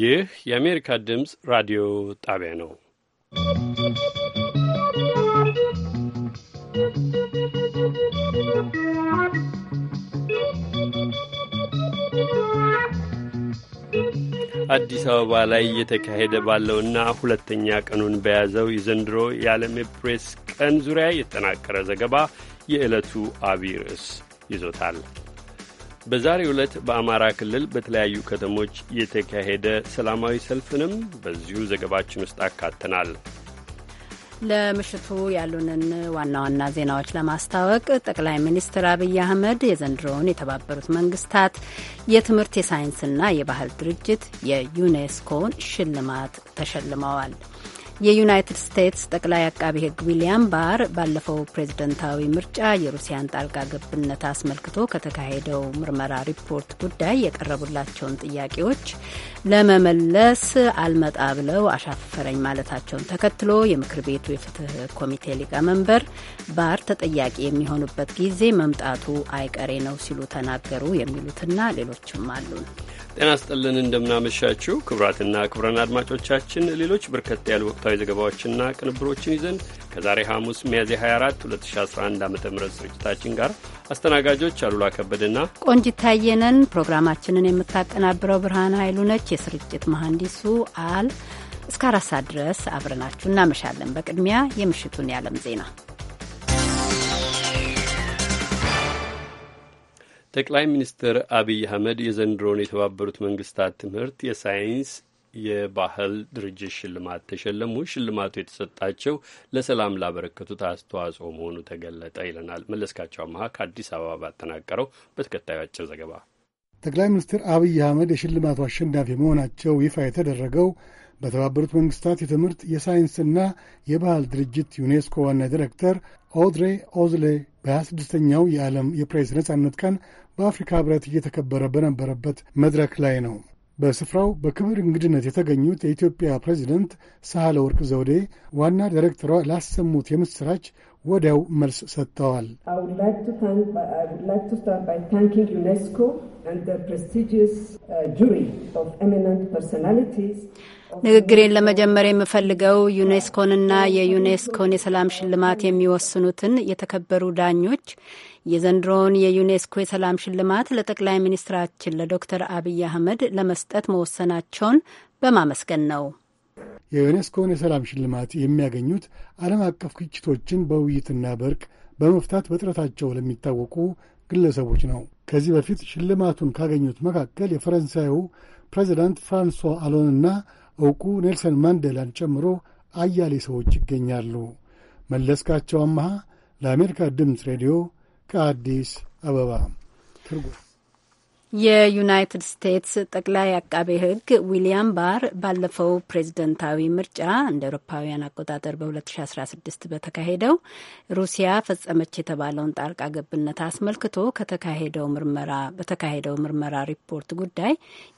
ይህ የአሜሪካ ድምፅ ራዲዮ ጣቢያ ነው። አዲስ አበባ ላይ እየተካሄደ ባለውና ሁለተኛ ቀኑን በያዘው የዘንድሮ የዓለም ፕሬስ ቀን ዙሪያ የተጠናቀረ ዘገባ የዕለቱ አብይ ርዕስ ይዞታል። በዛሬ ዕለት በአማራ ክልል በተለያዩ ከተሞች የተካሄደ ሰላማዊ ሰልፍንም በዚሁ ዘገባችን ውስጥ አካተናል። ለምሽቱ ያሉንን ዋና ዋና ዜናዎች ለማስታወቅ ጠቅላይ ሚኒስትር አብይ አህመድ የዘንድሮውን የተባበሩት መንግስታት የትምህርት የሳይንስና የባህል ድርጅት የዩኔስኮን ሽልማት ተሸልመዋል። የዩናይትድ ስቴትስ ጠቅላይ አቃቢ ሕግ ዊሊያም ባር ባለፈው ፕሬዝደንታዊ ምርጫ የሩሲያን ጣልቃ ገብነት አስመልክቶ ከተካሄደው ምርመራ ሪፖርት ጉዳይ የቀረቡላቸውን ጥያቄዎች ለመመለስ አልመጣ ብለው አሻፈረኝ ማለታቸውን ተከትሎ የምክር ቤቱ የፍትህ ኮሚቴ ሊቀመንበር ባር ተጠያቂ የሚሆኑበት ጊዜ መምጣቱ አይቀሬ ነው ሲሉ ተናገሩ። የሚሉትና ሌሎችም አሉን። ጤና ስጥልን፣ እንደምናመሻችው ክቡራትና ክቡራን አድማጮቻችን ሌሎች በርከት ያሉ ወቅታዊ ዘገባዎችና ቅንብሮችን ይዘን ከዛሬ ሐሙስ ሚያዝያ 24 2011 ዓ ም ስርጭታችን ጋር አስተናጋጆች አሉላ ከበድና ቆንጂት ታየነን። ፕሮግራማችንን የምታቀናብረው ብርሃን ኃይሉ ነች። የስርጭት መሐንዲሱ አል እስከ አራት ሰዓት ድረስ አብረናችሁ እናመሻለን። በቅድሚያ የምሽቱን የዓለም ዜና ጠቅላይ ሚኒስትር አብይ አህመድ የዘንድሮን የተባበሩት መንግስታት ትምህርት የሳይንስ የባህል ድርጅት ሽልማት ተሸለሙ። ሽልማቱ የተሰጣቸው ለሰላም ላበረከቱት አስተዋጽኦ መሆኑ ተገለጠ ይለናል መለስካቸው አመሀ ከአዲስ አበባ ባጠናቀረው በተከታዩ አጭር ዘገባ። ጠቅላይ ሚኒስትር አብይ አህመድ የሽልማቱ አሸናፊ መሆናቸው ይፋ የተደረገው በተባበሩት መንግስታት የትምህርት የሳይንስና የባህል ድርጅት ዩኔስኮ ዋና ዲሬክተር ኦድሬ ኦዝሌ በ26ኛው የዓለም የፕሬስ ነጻነት ቀን በአፍሪካ ህብረት እየተከበረ በነበረበት መድረክ ላይ ነው። በስፍራው በክብር እንግድነት የተገኙት የኢትዮጵያ ፕሬዚደንት ሳህለ ወርቅ ዘውዴ ዋና ዳይሬክተሯ ላሰሙት የምስራች ወዲያው መልስ ሰጥተዋል። uh, ንግግሬን ለመጀመር የምፈልገው ዩኔስኮንና የዩኔስኮን የሰላም ሽልማት የሚወስኑትን የተከበሩ ዳኞች የዘንድሮውን የዩኔስኮ የሰላም ሽልማት ለጠቅላይ ሚኒስትራችን ለዶክተር አብይ አህመድ ለመስጠት መወሰናቸውን በማመስገን ነው። የዩኔስኮን የሰላም ሽልማት የሚያገኙት ዓለም አቀፍ ግጭቶችን በውይይትና በእርቅ በመፍታት በጥረታቸው ለሚታወቁ ግለሰቦች ነው። ከዚህ በፊት ሽልማቱን ካገኙት መካከል የፈረንሳዩ ፕሬዚዳንት ፍራንሷ አሎንና እውቁ ኔልሰን ማንዴላን ጨምሮ አያሌ ሰዎች ይገኛሉ። መለስካቸው አመሃ ለአሜሪካ ድምፅ ሬዲዮ ከአዲስ አበባ ትርጉም የዩናይትድ ስቴትስ ጠቅላይ አቃቤ ሕግ ዊሊያም ባር ባለፈው ፕሬዝደንታዊ ምርጫ እንደ አውሮፓውያን አቆጣጠር በ2016 በተካሄደው ሩሲያ ፈጸመች የተባለውን ጣልቃ ገብነት አስመልክቶ ከተካሄደው ምርመራ በተካሄደው ምርመራ ሪፖርት ጉዳይ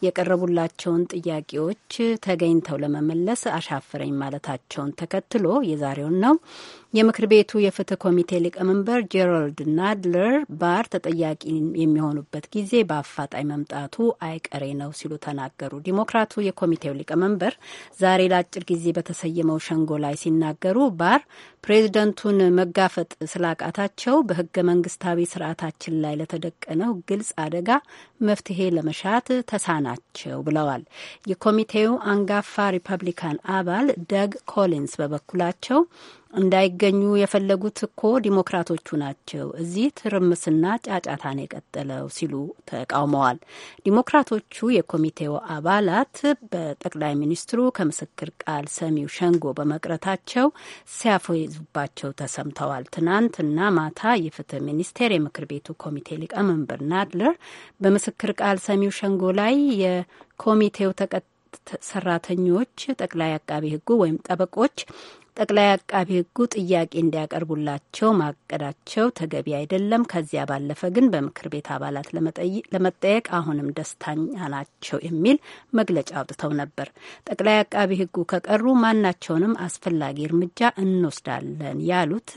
የቀረቡላቸውን ጥያቄዎች ተገኝተው ለመመለስ አሻፈረኝ ማለታቸውን ተከትሎ የዛሬውን ነው የምክር ቤቱ የፍትህ ኮሚቴ ሊቀመንበር ጄራልድ ናድለር ባር ተጠያቂ የሚሆኑበት ጊዜ በአፋጣኝ መምጣቱ አይቀሬ ነው ሲሉ ተናገሩ። ዲሞክራቱ የኮሚቴው ሊቀመንበር ዛሬ ለአጭር ጊዜ በተሰየመው ሸንጎ ላይ ሲናገሩ ባር ፕሬዚደንቱን መጋፈጥ ስላቃታቸው በህገ መንግስታዊ ስርዓታችን ላይ ለተደቀነው ግልጽ አደጋ መፍትሄ ለመሻት ተሳናቸው ብለዋል። የኮሚቴው አንጋፋ ሪፐብሊካን አባል ደግ ኮሊንስ በበኩላቸው እንዳይገኙ የፈለጉት እኮ ዲሞክራቶቹ ናቸው። እዚህ ትርምስና ጫጫታን የቀጠለው ሲሉ ተቃውመዋል። ዲሞክራቶቹ የኮሚቴው አባላት በጠቅላይ ሚኒስትሩ ከምስክር ቃል ሰሚው ሸንጎ በመቅረታቸው ሲያፌዙባቸው ተሰምተዋል። ትናንትና ማታ የፍትህ ሚኒስቴር የምክር ቤቱ ኮሚቴ ሊቀመንበር ናድለር በምስክር ቃል ሰሚው ሸንጎ ላይ የኮሚቴው ተቀጥ ሰራተኞች ጠቅላይ አቃቢ ህጉ ወይም ጠበቆች ጠቅላይ አቃቢ ህጉ ጥያቄ እንዲያቀርቡላቸው ማቀዳቸው ተገቢ አይደለም። ከዚያ ባለፈ ግን በምክር ቤት አባላት ለመጠየቅ አሁንም ደስተኛ ናቸው የሚል መግለጫ አውጥተው ነበር። ጠቅላይ አቃቢ ህጉ ከቀሩ ማናቸውንም አስፈላጊ እርምጃ እንወስዳለን ያሉት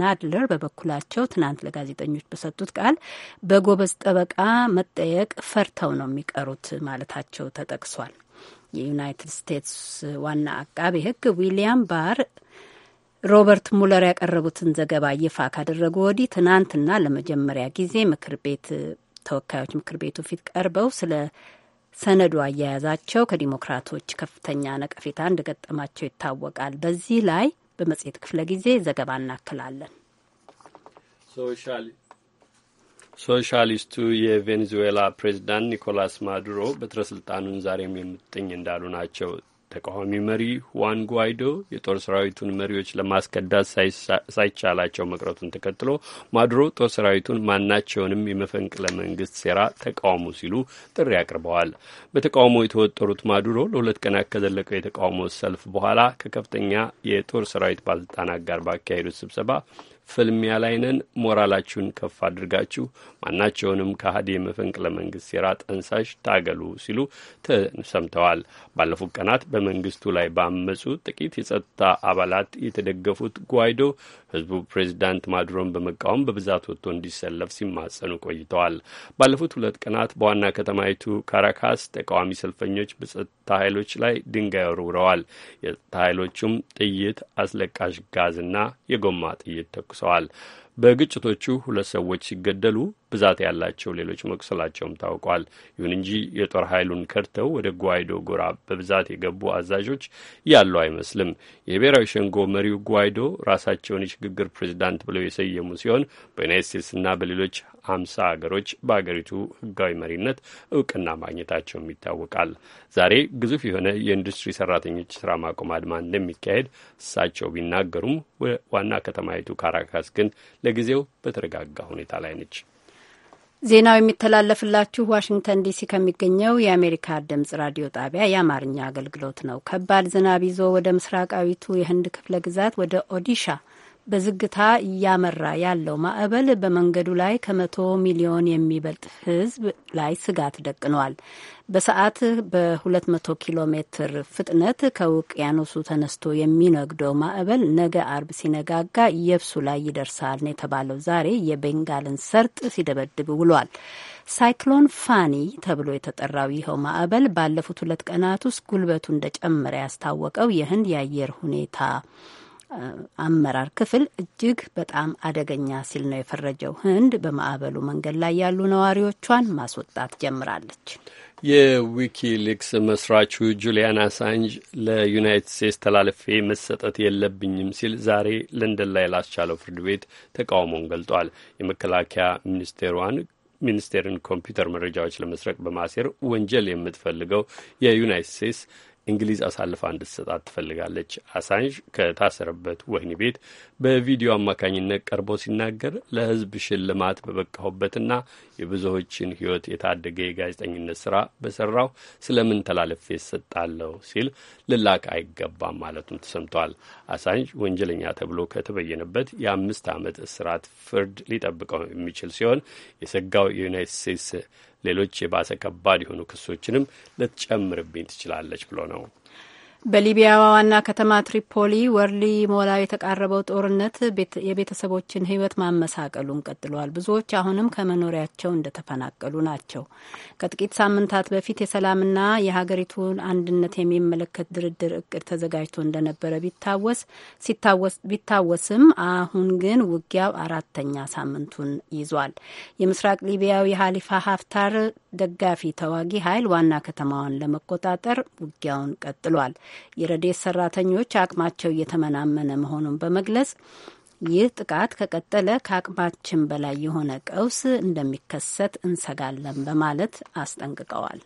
ናድለር በበኩላቸው ትናንት ለጋዜጠኞች በሰጡት ቃል በጎበዝ ጠበቃ መጠየቅ ፈርተው ነው የሚቀሩት ማለታቸው ተጠቅሷል። የዩናይትድ ስቴትስ ዋና አቃቤ ሕግ ዊሊያም ባር ሮበርት ሙለር ያቀረቡትን ዘገባ ይፋ ካደረጉ ወዲህ ትናንትና ለመጀመሪያ ጊዜ ምክር ቤት ተወካዮች ምክር ቤቱ ፊት ቀርበው ስለ ሰነዱ አያያዛቸው ከዲሞክራቶች ከፍተኛ ነቀፌታ እንደገጠማቸው ይታወቃል። በዚህ ላይ በመጽሔት ክፍለ ጊዜ ዘገባ እናክላለን። ሶሻሊስቱ የቬኔዙዌላ ፕሬዚዳንት ኒኮላስ ማዱሮ በትረ ስልጣኑን ዛሬም የምጥኝ እንዳሉ ናቸው። ተቃዋሚ መሪ ሁዋን ጓይዶ የጦር ሰራዊቱን መሪዎች ለማስከዳት ሳይቻላቸው መቅረቱን ተከትሎ ማዱሮ ጦር ሰራዊቱን ማናቸውንም የመፈንቅለ መንግስት ሴራ ተቃውሙ ሲሉ ጥሪ አቅርበዋል። በተቃውሞ የተወጠሩት ማዱሮ ለሁለት ቀናት ከዘለቀው የተቃውሞ ሰልፍ በኋላ ከከፍተኛ የጦር ሰራዊት ባለስልጣናት ጋር ባካሄዱት ስብሰባ ፍልሚያ ላይ ነን። ሞራላችሁን ከፍ አድርጋችሁ ማናቸውንም ከሀዲ መፈንቅለ መንግስት ሴራ ጠንሳሽ ታገሉ ሲሉ ተሰምተዋል። ባለፉት ቀናት በመንግስቱ ላይ ባመፁ ጥቂት የጸጥታ አባላት የተደገፉት ጓይዶ ህዝቡ ፕሬዚዳንት ማዱሮን በመቃወም በብዛት ወጥቶ እንዲሰለፍ ሲማጸኑ ቆይተዋል። ባለፉት ሁለት ቀናት በዋና ከተማይቱ ካራካስ ተቃዋሚ ሰልፈኞች በጸጥታ ኃይሎች ላይ ድንጋይ ወርውረዋል። የጸጥታ ኃይሎቹም ጥይት፣ አስለቃሽ ጋዝና የጎማ ጥይት ተኩሰዋል። በግጭቶቹ ሁለት ሰዎች ሲገደሉ ብዛት ያላቸው ሌሎች መቁሰላቸውም ታውቋል። ይሁን እንጂ የጦር ኃይሉን ከድተው ወደ ጓይዶ ጎራ በብዛት የገቡ አዛዦች ያሉ አይመስልም። የብሔራዊ ሸንጎ መሪው ጓይዶ ራሳቸውን የሽግግር ፕሬዚዳንት ብለው የሰየሙ ሲሆን በዩናይት ስቴትስና በሌሎች ሀምሳ አገሮች በአገሪቱ ህጋዊ መሪነት እውቅና ማግኘታቸውም ይታወቃል። ዛሬ ግዙፍ የሆነ የኢንዱስትሪ ሰራተኞች ስራ ማቆም አድማ እንደሚካሄድ እሳቸው ቢናገሩም ዋና ከተማይቱ ካራካስ ግን ለጊዜው በተረጋጋ ሁኔታ ላይ ነች። ዜናው የሚተላለፍላችሁ ዋሽንግተን ዲሲ ከሚገኘው የአሜሪካ ድምጽ ራዲዮ ጣቢያ የአማርኛ አገልግሎት ነው። ከባድ ዝናብ ይዞ ወደ ምስራቃዊቱ የህንድ ክፍለ ግዛት ወደ ኦዲሻ በዝግታ እያመራ ያለው ማዕበል በመንገዱ ላይ ከመቶ ሚሊዮን የሚበልጥ ህዝብ ላይ ስጋት ደቅኗል። በሰዓት በ200 ኪሎ ሜትር ፍጥነት ከውቅያኖሱ ተነስቶ የሚነግደው ማዕበል ነገ አርብ ሲነጋጋ የብሱ ላይ ይደርሳል ነው የተባለው። ዛሬ የቤንጋልን ሰርጥ ሲደበድብ ውሏል። ሳይክሎን ፋኒ ተብሎ የተጠራው ይኸው ማዕበል ባለፉት ሁለት ቀናት ውስጥ ጉልበቱ እንደጨመረ ያስታወቀው የህንድ የአየር ሁኔታ አመራር ክፍል እጅግ በጣም አደገኛ ሲል ነው የፈረጀው። ህንድ በማዕበሉ መንገድ ላይ ያሉ ነዋሪዎቿን ማስወጣት ጀምራለች። የዊኪሊክስ መስራቹ ጁሊያን አሳንጅ ለዩናይትድ ስቴትስ ተላልፌ መሰጠት የለብኝም ሲል ዛሬ ለንደን ላይ ላስቻለው ፍርድ ቤት ተቃውሞውን ገልጧል። የመከላከያ ሚኒስቴሯን ሚኒስቴርን ኮምፒውተር መረጃዎች ለመስረቅ በማሴር ወንጀል የምትፈልገው የዩናይትድ ስቴትስ እንግሊዝ አሳልፋ እንድትሰጣት ትፈልጋለች። አሳንጅ ከታሰረበት ወህኒ ቤት በቪዲዮ አማካኝነት ቀርቦ ሲናገር ለሕዝብ ሽልማት በበቃሁበትና የብዙዎችን ሕይወት የታደገ የጋዜጠኝነት ስራ በሰራው ስለምን ተላልፌ እሰጣለሁ ሲል ልላቅ አይገባም ማለቱም ተሰምቷል። አሳንጅ ወንጀለኛ ተብሎ ከተበየነበት የአምስት ዓመት እስራት ፍርድ ሊጠብቀው የሚችል ሲሆን የሰጋው የዩናይትድ ስቴትስ ሌሎች የባሰ ከባድ የሆኑ ክሶችንም ልትጨምርብኝ ትችላለች ብሎ ነው። በሊቢያዋ ዋና ከተማ ትሪፖሊ ወርሊ ሞላ የተቃረበው ጦርነት የቤተሰቦችን ሕይወት ማመሳቀሉን ቀጥሏል። ብዙዎች አሁንም ከመኖሪያቸው እንደተፈናቀሉ ናቸው። ከጥቂት ሳምንታት በፊት የሰላምና የሀገሪቱን አንድነት የሚመለከት ድርድር እቅድ ተዘጋጅቶ እንደነበረ ቢታወስ ቢታወስም አሁን ግን ውጊያው አራተኛ ሳምንቱን ይዟል። የምስራቅ ሊቢያው የሀሊፋ ሀፍታር ደጋፊ ተዋጊ ኃይል ዋና ከተማዋን ለመቆጣጠር ውጊያውን ቀጥሏል። የረዴት ሰራተኞች አቅማቸው እየተመናመነ መሆኑን በመግለጽ ይህ ጥቃት ከቀጠለ ከአቅማችን በላይ የሆነ ቀውስ እንደሚከሰት እንሰጋለን በማለት አስጠንቅቀዋል።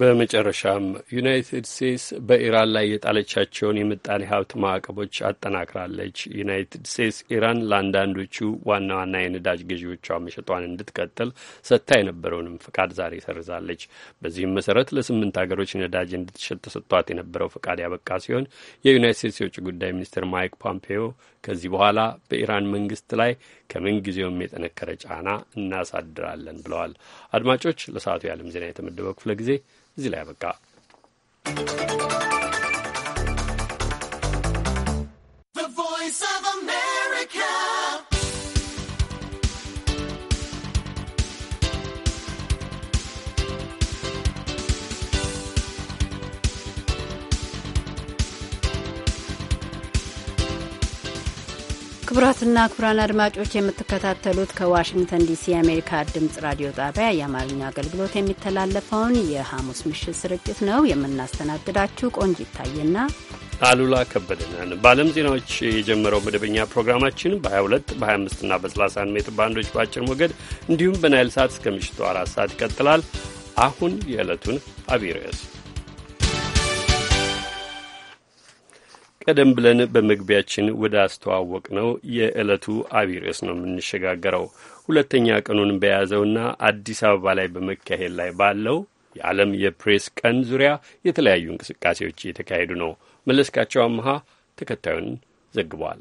በመጨረሻም ዩናይትድ ስቴትስ በኢራን ላይ የጣለቻቸውን የምጣኔ ሀብት ማዕቀቦች አጠናክራለች። ዩናይትድ ስቴትስ ኢራን ለአንዳንዶቹ ዋና ዋና የነዳጅ ገዢዎቿ መሸጧን እንድትቀጥል ሰጥታ የነበረውንም ፍቃድ ዛሬ ሰርዛለች። በዚህም መሰረት ለስምንት ሀገሮች ነዳጅ እንድትሸጥ ተሰጥቷት የነበረው ፍቃድ ያበቃ ሲሆን የዩናይት ስቴትስ የውጭ ጉዳይ ሚኒስትር ማይክ ፖምፔዮ ከዚህ በኋላ በኢራን መንግስት ላይ ከምንጊዜውም የጠነከረ ጫና እናሳድራለን ብለዋል። አድማጮች፣ ለሰዓቱ የዓለም ዜና የተመደበው ክፍለ ጊዜ እዚህ ላይ አበቃ። ክቡራትና ክቡራን አድማጮች የምትከታተሉት ከዋሽንግተን ዲሲ የአሜሪካ ድምጽ ራዲዮ ጣቢያ የአማርኛ አገልግሎት የሚተላለፈውን የሐሙስ ምሽት ስርጭት ነው። የምናስተናግዳችሁ ቆንጅ ይታየና አሉላ ከበደናን። በዓለም ዜናዎች የጀመረው መደበኛ ፕሮግራማችን በ22 25 እና በ31 ሜትር ባንዶች በአጭር ሞገድ እንዲሁም በናይል ሰዓት እስከ ምሽቱ አራት ሰዓት ይቀጥላል። አሁን የዕለቱን አብይ ርዕስ ቀደም ብለን በመግቢያችን ወደ አስተዋወቅ ነው የዕለቱ አቢይ ርዕስ ነው የምንሸጋገረው። ሁለተኛ ቀኑን በያዘውና አዲስ አበባ ላይ በመካሄድ ላይ ባለው የዓለም የፕሬስ ቀን ዙሪያ የተለያዩ እንቅስቃሴዎች እየተካሄዱ ነው። መለስካቸው አመሃ ተከታዩን ዘግቧል።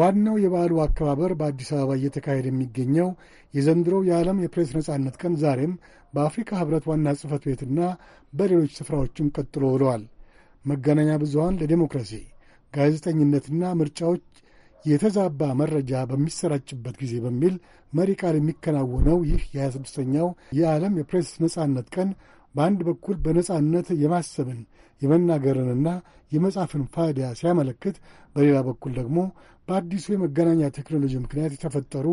ዋናው የበዓሉ አከባበር በአዲስ አበባ እየተካሄደ የሚገኘው የዘንድሮው የዓለም የፕሬስ ነጻነት ቀን ዛሬም በአፍሪካ ህብረት ዋና ጽህፈት ቤትና በሌሎች ስፍራዎችም ቀጥሎ ውለዋል። መገናኛ ብዙሃን ለዴሞክራሲ ጋዜጠኝነትና ምርጫዎች የተዛባ መረጃ በሚሰራጭበት ጊዜ በሚል መሪ ቃል የሚከናወነው ይህ የ 26 የዓለም የፕሬስ ነጻነት ቀን በአንድ በኩል በነጻነት የማሰብን የመናገርንና የመጻፍን ፋይዳ ሲያመለክት፣ በሌላ በኩል ደግሞ በአዲሱ የመገናኛ ቴክኖሎጂ ምክንያት የተፈጠሩ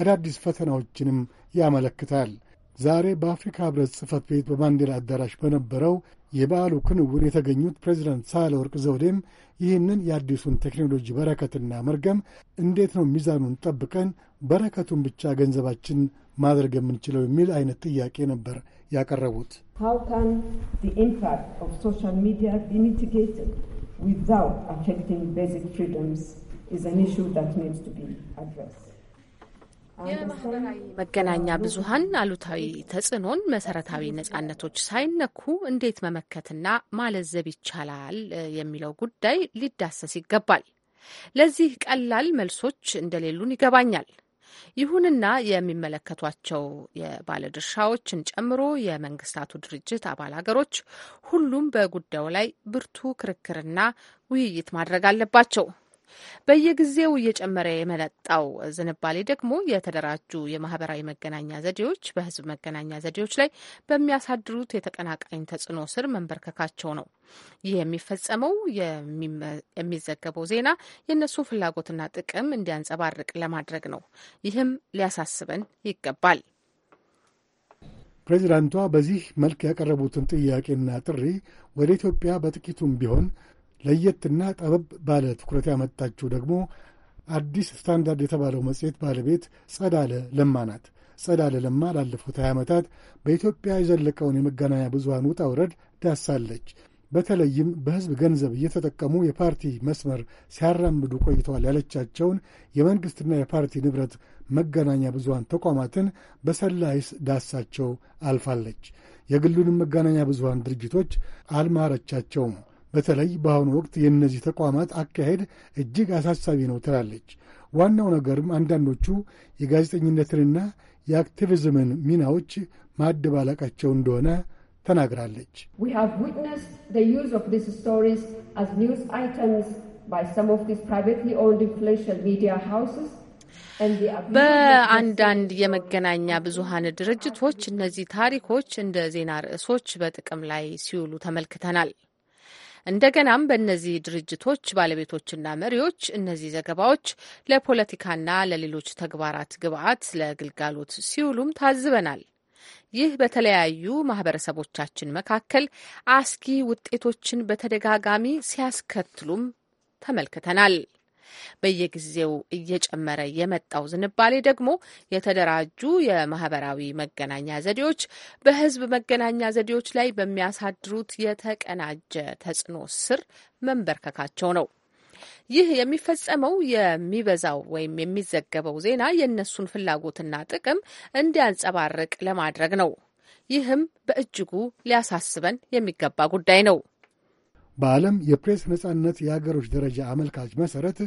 አዳዲስ ፈተናዎችንም ያመለክታል። ዛሬ በአፍሪካ ህብረት ጽህፈት ቤት በማንዴላ አዳራሽ በነበረው የበዓሉ ክንውር የተገኙት ፕሬዚዳንት ሳህለወርቅ ዘውዴም ይህንን የአዲሱን ቴክኖሎጂ በረከትና መርገም እንዴት ነው ሚዛኑን ጠብቀን በረከቱን ብቻ ገንዘባችን ማድረግ የምንችለው የሚል አይነት ጥያቄ ነበር ያቀረቡት። ሚዲያ መገናኛ ብዙሀን አሉታዊ ተጽዕኖን መሰረታዊ ነጻነቶች ሳይነኩ እንዴት መመከትና ማለዘብ ይቻላል የሚለው ጉዳይ ሊዳሰስ ይገባል። ለዚህ ቀላል መልሶች እንደሌሉን ይገባኛል። ይሁንና የሚመለከቷቸው የባለድርሻዎችን ጨምሮ የመንግስታቱ ድርጅት አባል ሀገሮች ሁሉም በጉዳዩ ላይ ብርቱ ክርክርና ውይይት ማድረግ አለባቸው። በየጊዜው እየጨመረ የመለጣው ዝንባሌ ደግሞ የተደራጁ የማህበራዊ መገናኛ ዘዴዎች በህዝብ መገናኛ ዘዴዎች ላይ በሚያሳድሩት የተቀናቃኝ ተጽዕኖ ስር መንበርከካቸው ነው። ይህ የሚፈጸመው የሚዘገበው ዜና የእነሱን ፍላጎትና ጥቅም እንዲያንጸባርቅ ለማድረግ ነው። ይህም ሊያሳስበን ይገባል። ፕሬዚዳንቷ በዚህ መልክ ያቀረቡትን ጥያቄና ጥሪ ወደ ኢትዮጵያ በጥቂቱም ቢሆን ለየትና ጠበብ ባለ ትኩረት ያመጣችው ደግሞ አዲስ ስታንዳርድ የተባለው መጽሔት ባለቤት ጸዳለ ለማ ናት። ጸዳለ ለማ ላለፉት 20 ዓመታት በኢትዮጵያ የዘለቀውን የመገናኛ ብዙሃን ውጣ ውረድ ዳሳለች። በተለይም በሕዝብ ገንዘብ እየተጠቀሙ የፓርቲ መስመር ሲያራምዱ ቆይተዋል ያለቻቸውን የመንግሥትና የፓርቲ ንብረት መገናኛ ብዙሃን ተቋማትን በሰላይስ ዳሳቸው አልፋለች። የግሉንም መገናኛ ብዙሃን ድርጅቶች አልማረቻቸውም። በተለይ በአሁኑ ወቅት የእነዚህ ተቋማት አካሄድ እጅግ አሳሳቢ ነው ትላለች። ዋናው ነገርም አንዳንዶቹ የጋዜጠኝነትንና የአክቲቪዝምን ሚናዎች ማደባለቃቸው እንደሆነ ተናግራለች። በአንዳንድ የመገናኛ ብዙሃን ድርጅቶች እነዚህ ታሪኮች እንደ ዜና ርዕሶች በጥቅም ላይ ሲውሉ ተመልክተናል። እንደገናም በእነዚህ ድርጅቶች ባለቤቶችና መሪዎች እነዚህ ዘገባዎች ለፖለቲካና ለሌሎች ተግባራት ግብዓት ለግልጋሎት ሲውሉም ታዝበናል። ይህ በተለያዩ ማህበረሰቦቻችን መካከል አስጊ ውጤቶችን በተደጋጋሚ ሲያስከትሉም ተመልክተናል። በየጊዜው እየጨመረ የመጣው ዝንባሌ ደግሞ የተደራጁ የማህበራዊ መገናኛ ዘዴዎች በህዝብ መገናኛ ዘዴዎች ላይ በሚያሳድሩት የተቀናጀ ተጽዕኖ ስር መንበርከካቸው ነው። ይህ የሚፈጸመው የሚበዛው ወይም የሚዘገበው ዜና የእነሱን ፍላጎትና ጥቅም እንዲያንጸባርቅ ለማድረግ ነው። ይህም በእጅጉ ሊያሳስበን የሚገባ ጉዳይ ነው። በዓለም የፕሬስ ነጻነት የአገሮች ደረጃ አመልካች መሠረት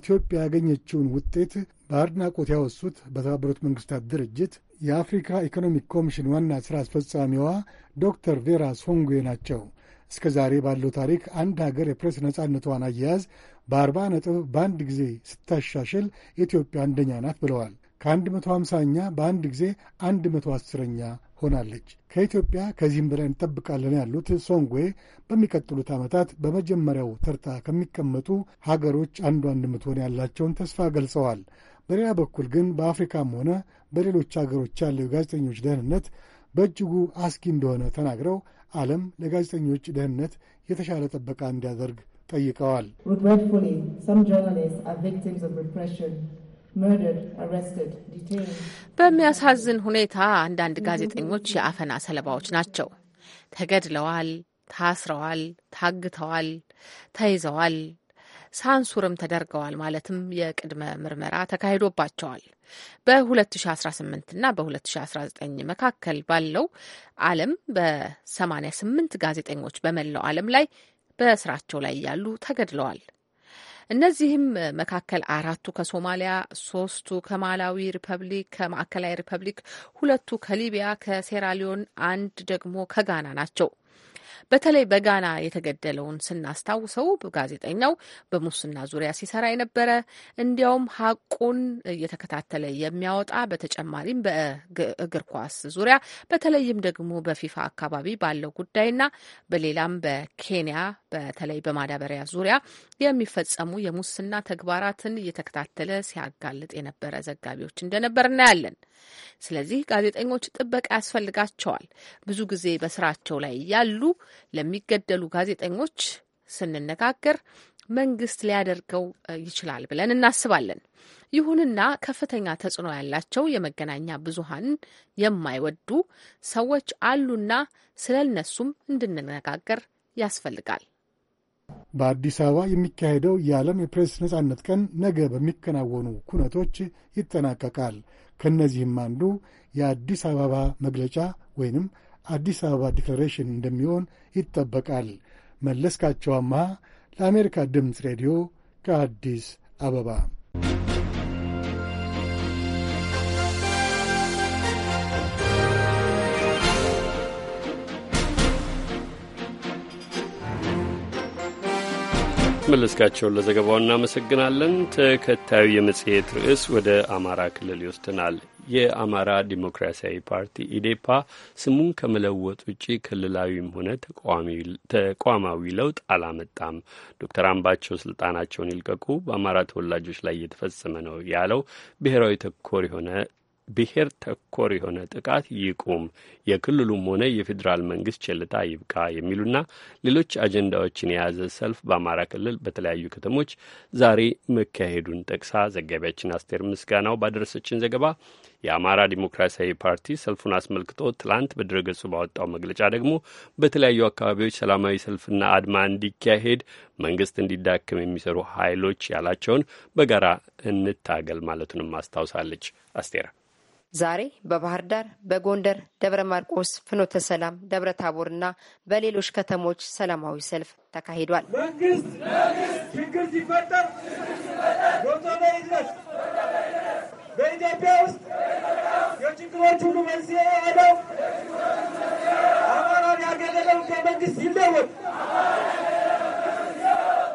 ኢትዮጵያ ያገኘችውን ውጤት በአድናቆት ያወሱት በተባበሩት መንግሥታት ድርጅት የአፍሪካ ኢኮኖሚክ ኮሚሽን ዋና ሥራ አስፈጻሚዋ ዶክተር ቬራ ሶንጉዌ ናቸው። እስከ ዛሬ ባለው ታሪክ አንድ ሀገር የፕሬስ ነጻነቷን አያያዝ በአርባ ነጥብ በአንድ ጊዜ ስታሻሽል ኢትዮጵያ አንደኛ ናት ብለዋል። ከ150ኛ በአንድ ጊዜ 110ኛ ሆናለች። ከኢትዮጵያ ከዚህም በላይ እንጠብቃለን ያሉት ሶንጎዌ በሚቀጥሉት ዓመታት በመጀመሪያው ተርታ ከሚቀመጡ ሀገሮች አንዷ እንደምትሆን ያላቸውን ተስፋ ገልጸዋል። በሌላ በኩል ግን በአፍሪካም ሆነ በሌሎች ሀገሮች ያለው የጋዜጠኞች ደህንነት በእጅጉ አስጊ እንደሆነ ተናግረው ዓለም ለጋዜጠኞች ደህንነት የተሻለ ጥበቃ እንዲያደርግ ጠይቀዋል። በሚያሳዝን ሁኔታ አንዳንድ ጋዜጠኞች የአፈና ሰለባዎች ናቸው። ተገድለዋል፣ ታስረዋል፣ ታግተዋል፣ ተይዘዋል፣ ሳንሱርም ተደርገዋል። ማለትም የቅድመ ምርመራ ተካሂዶባቸዋል። በ2018 እና በ2019 መካከል ባለው ዓለም በ88 ጋዜጠኞች በመላው ዓለም ላይ በስራቸው ላይ እያሉ ተገድለዋል እነዚህም መካከል አራቱ ከሶማሊያ፣ ሶስቱ ከማላዊ ሪፐብሊክ፣ ከማዕከላዊ ሪፐብሊክ ሁለቱ ከሊቢያ፣ ከሴራሊዮን አንድ ደግሞ ከጋና ናቸው። በተለይ በጋና የተገደለውን ስናስታውሰው ጋዜጠኛው በሙስና ዙሪያ ሲሰራ የነበረ እንዲያውም ሀቁን እየተከታተለ የሚያወጣ በተጨማሪም በእግር ኳስ ዙሪያ በተለይም ደግሞ በፊፋ አካባቢ ባለው ጉዳይና በሌላም በኬንያ በተለይ በማዳበሪያ ዙሪያ የሚፈጸሙ የሙስና ተግባራትን እየተከታተለ ሲያጋልጥ የነበረ ዘጋቢዎች እንደነበር እናያለን። ስለዚህ ጋዜጠኞች ጥበቃ ያስፈልጋቸዋል። ብዙ ጊዜ በስራቸው ላይ ያሉ ለሚገደሉ ጋዜጠኞች ስንነጋገር መንግስት ሊያደርገው ይችላል ብለን እናስባለን። ይሁንና ከፍተኛ ተጽዕኖ ያላቸው የመገናኛ ብዙሃን የማይወዱ ሰዎች አሉና ስለ እነሱም እንድንነጋገር ያስፈልጋል። በአዲስ አበባ የሚካሄደው የዓለም የፕሬስ ነጻነት ቀን ነገ በሚከናወኑ ኩነቶች ይጠናቀቃል። ከእነዚህም አንዱ የአዲስ አበባ መግለጫ ወይንም አዲስ አበባ ዲክላሬሽን እንደሚሆን ይጠበቃል። መለስካቸው አማሃ ለአሜሪካ ድምፅ ሬዲዮ ከአዲስ አበባ መለስካቸውን ለዘገባው እናመሰግናለን። ተከታዩ የመጽሔት ርዕስ ወደ አማራ ክልል ይወስደናል። የአማራ ዲሞክራሲያዊ ፓርቲ ኢዴፓ ስሙን ከመለወጥ ውጪ ክልላዊም ሆነ ተቋማዊ ለውጥ አላመጣም፣ ዶክተር አምባቸው ስልጣናቸውን ይልቀቁ፣ በአማራ ተወላጆች ላይ እየተፈጸመ ነው ያለው ብሔራዊ ተኮር የሆነ ብሔር ተኮር የሆነ ጥቃት ይቁም፣ የክልሉም ሆነ የፌዴራል መንግስት ቸልታ ይብቃ የሚሉና ሌሎች አጀንዳዎችን የያዘ ሰልፍ በአማራ ክልል በተለያዩ ከተሞች ዛሬ መካሄዱን ጠቅሳ ዘጋቢያችን አስቴር ምስጋናው ባደረሰችን ዘገባ የአማራ ዲሞክራሲያዊ ፓርቲ ሰልፉን አስመልክቶ ትላንት በድረገጹ ባወጣው መግለጫ ደግሞ በተለያዩ አካባቢዎች ሰላማዊ ሰልፍና አድማ እንዲካሄድ መንግስት እንዲዳክም የሚሰሩ ኃይሎች ያላቸውን በጋራ እንታገል ማለቱንም አስታውሳለች። አስቴር ዛሬ በባህር ዳር፣ በጎንደር፣ ደብረ ማርቆስ፣ ፍኖተ ሰላም፣ ደብረ እና በሌሎች ከተሞች ሰላማዊ ሰልፍ ተካሂዷል። መንግስት ችግር ሲፈጠር በኢትዮጵያ ውስጥ የችግሮች ሁሉ መንስኤ ያለው አማራን ያገለለው ከመንግስት ይለወጥ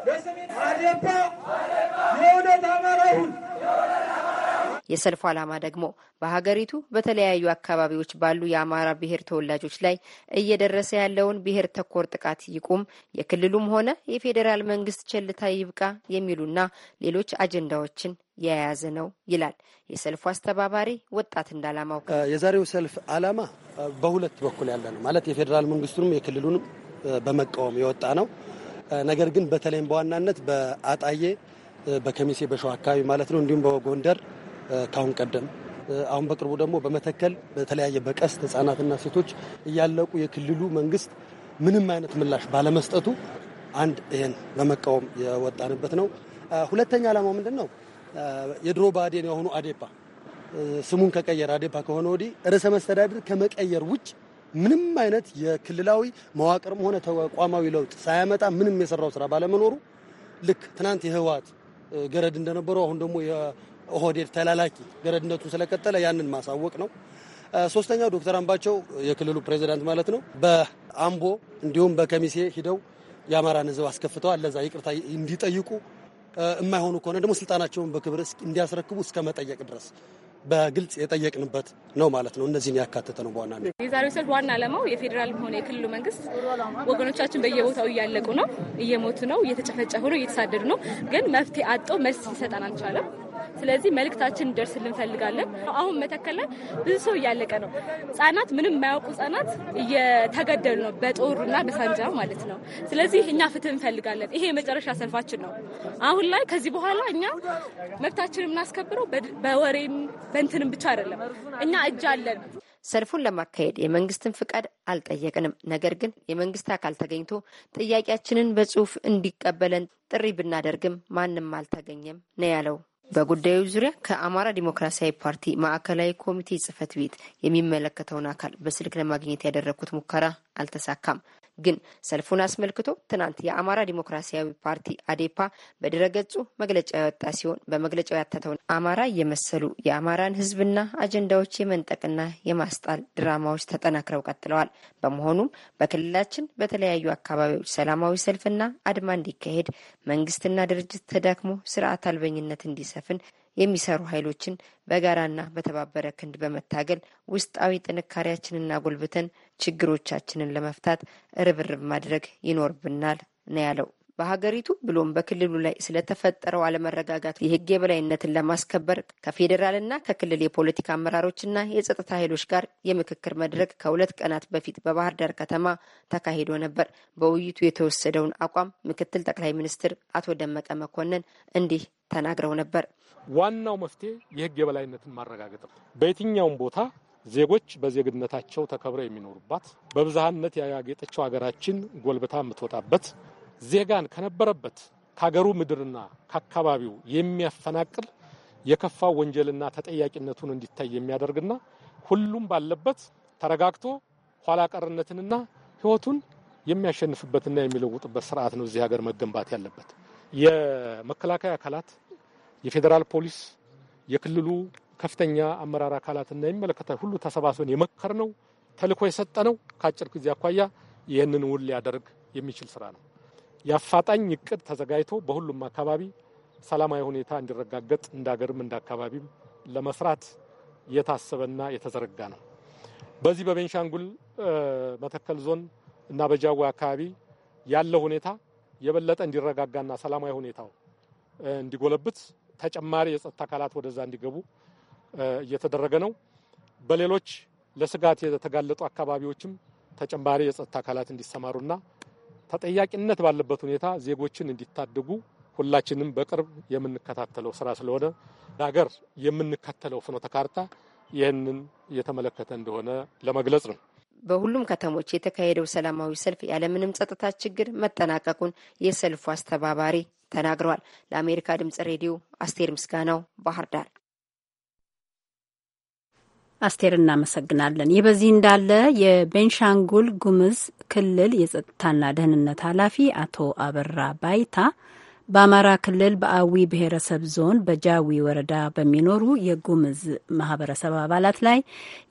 በስሜት አዴፓ የእውነት አማራ ይሁን የሰልፉ ዓላማ ደግሞ በሀገሪቱ በተለያዩ አካባቢዎች ባሉ የአማራ ብሔር ተወላጆች ላይ እየደረሰ ያለውን ብሔር ተኮር ጥቃት ይቁም፣ የክልሉም ሆነ የፌዴራል መንግስት ቸልታ ይብቃ የሚሉና ሌሎች አጀንዳዎችን የያዘ ነው ይላል የሰልፉ አስተባባሪ ወጣት እንዳላማው። የዛሬው ሰልፍ ዓላማ በሁለት በኩል ያለ ነው ማለት የፌዴራል መንግስቱንም የክልሉንም በመቃወም የወጣ ነው። ነገር ግን በተለይም በዋናነት በአጣዬ በከሚሴ በሸዋ አካባቢ ማለት ነው እንዲሁም በጎንደር ካሁን ቀደም አሁን በቅርቡ ደግሞ በመተከል በተለያየ በቀስት ህጻናትና ሴቶች እያለቁ የክልሉ መንግስት ምንም አይነት ምላሽ ባለመስጠቱ አንድ ይህን በመቃወም የወጣንበት ነው። ሁለተኛ ዓላማው ምንድን ነው? የድሮ ብአዴን የሆኑ አዴፓ ስሙን ከቀየር አዴፓ ከሆነ ወዲህ ርዕሰ መስተዳድር ከመቀየር ውጭ ምንም አይነት የክልላዊ መዋቅርም ሆነ ተቋማዊ ለውጥ ሳያመጣ ምንም የሰራው ስራ ባለመኖሩ ልክ ትናንት የህወሓት ገረድ እንደነበረው አሁን ደግሞ ኦህዴድ ተላላኪ ገረድነቱ ስለቀጠለ ያንን ማሳወቅ ነው። ሶስተኛው ዶክተር አምባቸው የክልሉ ፕሬዚዳንት ማለት ነው፣ በአምቦ እንዲሁም በከሚሴ ሂደው የአማራን ህዝብ አስከፍተዋል። ለዛ ይቅርታ እንዲጠይቁ የማይሆኑ ከሆነ ደግሞ ስልጣናቸውን በክብር እንዲያስረክቡ እስከ መጠየቅ ድረስ በግልጽ የጠየቅንበት ነው ማለት ነው። እነዚህን ያካተተ ነው። በዋና የዛሬው ሰልፍ ዋና ዓላማው የፌዴራልም ሆነ የክልሉ መንግስት ወገኖቻችን በየቦታው እያለቁ ነው፣ እየሞቱ ነው፣ እየተጨፈጨፉ ነው፣ እየተሳደዱ ነው። ግን መፍትሄ አጥቶ መልስ ሊሰጠን አልቻለም። ስለዚህ መልእክታችን ደርስ እንፈልጋለን። አሁን መተከል ላይ ብዙ ሰው እያለቀ ነው። ህጻናት፣ ምንም የማያውቁ ህጻናት እየተገደሉ ነው፣ በጦርና በሳንጃ ማለት ነው። ስለዚህ እኛ ፍትህ እንፈልጋለን። ይሄ የመጨረሻ ሰልፋችን ነው። አሁን ላይ ከዚህ በኋላ እኛ መብታችን የምናስከብረው በወሬም በእንትንም ብቻ አይደለም። እኛ እጅ አለን። ሰልፉን ለማካሄድ የመንግስትን ፍቃድ አልጠየቅንም። ነገር ግን የመንግስት አካል ተገኝቶ ጥያቄያችንን በጽሁፍ እንዲቀበለን ጥሪ ብናደርግም ማንም አልተገኘም ነው ያለው። በጉዳዩ ዙሪያ ከአማራ ዲሞክራሲያዊ ፓርቲ ማዕከላዊ ኮሚቴ ጽህፈት ቤት የሚመለከተውን አካል በስልክ ለማግኘት ያደረግኩት ሙከራ አልተሳካም። ግን ሰልፉን አስመልክቶ ትናንት የአማራ ዲሞክራሲያዊ ፓርቲ አዴፓ በድረገጹ መግለጫ ያወጣ ሲሆን በመግለጫው ያተተውን አማራ የመሰሉ የአማራን ህዝብና አጀንዳዎች የመንጠቅና የማስጣል ድራማዎች ተጠናክረው ቀጥለዋል። በመሆኑም በክልላችን በተለያዩ አካባቢዎች ሰላማዊ ሰልፍና አድማ እንዲካሄድ መንግስትና ድርጅት ተዳክሞ ስርዓት አልበኝነት እንዲሰፍን የሚሰሩ ኃይሎችን በጋራና በተባበረ ክንድ በመታገል ውስጣዊ ጥንካሬያችንና ጎልብተን ችግሮቻችንን ለመፍታት ርብርብ ማድረግ ይኖርብናል ነው ያለው። በሀገሪቱ ብሎም በክልሉ ላይ ስለተፈጠረው አለመረጋጋት የሕግ የበላይነትን ለማስከበር ከፌዴራልና ከክልል የፖለቲካ አመራሮችና የጸጥታ ኃይሎች ጋር የምክክር መድረክ ከሁለት ቀናት በፊት በባህር ዳር ከተማ ተካሂዶ ነበር። በውይይቱ የተወሰደውን አቋም ምክትል ጠቅላይ ሚኒስትር አቶ ደመቀ መኮንን እንዲህ ተናግረው ነበር። ዋናው መፍትሄ የሕግ የበላይነትን ማረጋገጥ ነው። በየትኛውም ቦታ ዜጎች በዜግነታቸው ተከብረው የሚኖሩባት በብዝሃነት ያጌጠችው ሀገራችን ጎልብታ የምትወጣበት ዜጋን ከነበረበት ከሀገሩ ምድርና ከአካባቢው የሚያፈናቅል የከፋው ወንጀልና ተጠያቂነቱን እንዲታይ የሚያደርግና ሁሉም ባለበት ተረጋግቶ ኋላ ቀርነትንና ሕይወቱን የሚያሸንፍበትና የሚለውጥበት ስርዓት ነው እዚህ ሀገር መገንባት ያለበት። የመከላከያ አካላት፣ የፌዴራል ፖሊስ፣ የክልሉ ከፍተኛ አመራር አካላትና የሚመለከታል ሁሉ ተሰባስበን የመከር ነው ተልእኮ የሰጠ ነው። ከአጭር ጊዜ አኳያ ይህንን ውል ሊያደርግ የሚችል ስራ ነው። የአፋጣኝ እቅድ ተዘጋጅቶ በሁሉም አካባቢ ሰላማዊ ሁኔታ እንዲረጋገጥ እንዳገርም እንደ አካባቢም ለመስራት የታሰበና የተዘረጋ ነው። በዚህ በቤንሻንጉል መተከል ዞን እና በጃዊ አካባቢ ያለው ሁኔታ የበለጠ እንዲረጋጋና ሰላማዊ ሁኔታው እንዲጎለብት ተጨማሪ የጸጥታ አካላት ወደዛ እንዲገቡ እየተደረገ ነው። በሌሎች ለስጋት የተጋለጡ አካባቢዎችም ተጨማሪ የጸጥታ አካላት እንዲሰማሩና ተጠያቂነት ባለበት ሁኔታ ዜጎችን እንዲታደጉ ሁላችንም በቅርብ የምንከታተለው ስራ ስለሆነ ሀገር የምንከተለው ፍኖተ ካርታ ይህንን እየተመለከተ እንደሆነ ለመግለጽ ነው። በሁሉም ከተሞች የተካሄደው ሰላማዊ ሰልፍ ያለምንም ጸጥታ ችግር መጠናቀቁን የሰልፉ አስተባባሪ ተናግረዋል። ለአሜሪካ ድምጽ ሬዲዮ አስቴር ምስጋናው ባህር ዳር አስቴር እናመሰግናለን። ይህ በዚህ እንዳለ የቤንሻንጉል ጉምዝ ክልል የጸጥታና ደህንነት ኃላፊ አቶ አበራ ባይታ በአማራ ክልል በአዊ ብሔረሰብ ዞን በጃዊ ወረዳ በሚኖሩ የጉምዝ ማህበረሰብ አባላት ላይ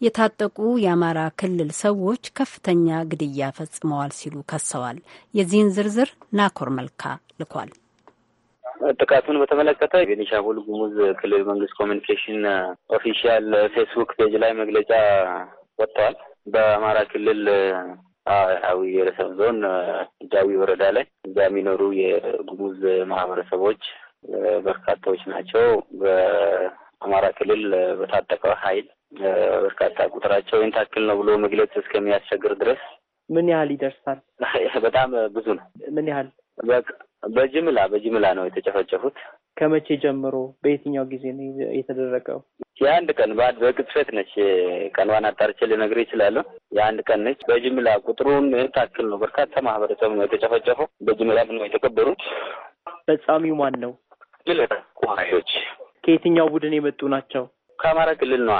የታጠቁ የአማራ ክልል ሰዎች ከፍተኛ ግድያ ፈጽመዋል ሲሉ ከሰዋል። የዚህን ዝርዝር ናኮር መልካ ልኳል። ጥቃቱን በተመለከተ የኒሻቡል ጉሙዝ ክልል መንግስት ኮሚኒኬሽን ኦፊሻል ፌስቡክ ፔጅ ላይ መግለጫ ወጥተዋል። በአማራ ክልል አዊ ብሔረሰብ ዞን ጃዊ ወረዳ ላይ እዛ የሚኖሩ የጉሙዝ ማህበረሰቦች በርካታዎች ናቸው። በአማራ ክልል በታጠቀ ኃይል በርካታ ቁጥራቸው ይህን ታክል ነው ብሎ መግለጽ እስከሚያስቸግር ድረስ ምን ያህል ይደርሳል? በጣም ብዙ ነው። ምን ያህል በጅምላ በጅምላ ነው የተጨፈጨፉት። ከመቼ ጀምሮ በየትኛው ጊዜ ነው የተደረገው? የአንድ ቀን በአንድ በቅጥፈት ነች። ቀንዋን አጣርቼ ልነግር ይችላለሁ። የአንድ ቀን ነች። በጅምላ ቁጥሩን ታክል ነው። በርካታ ማህበረሰብ ነው የተጨፈጨፈው። በጅምላ ነው የተቀበሩት። ፈጻሚው ማን ነው? ቁማሾች ከየትኛው ቡድን የመጡ ናቸው? ከአማራ ክልል ነዋ።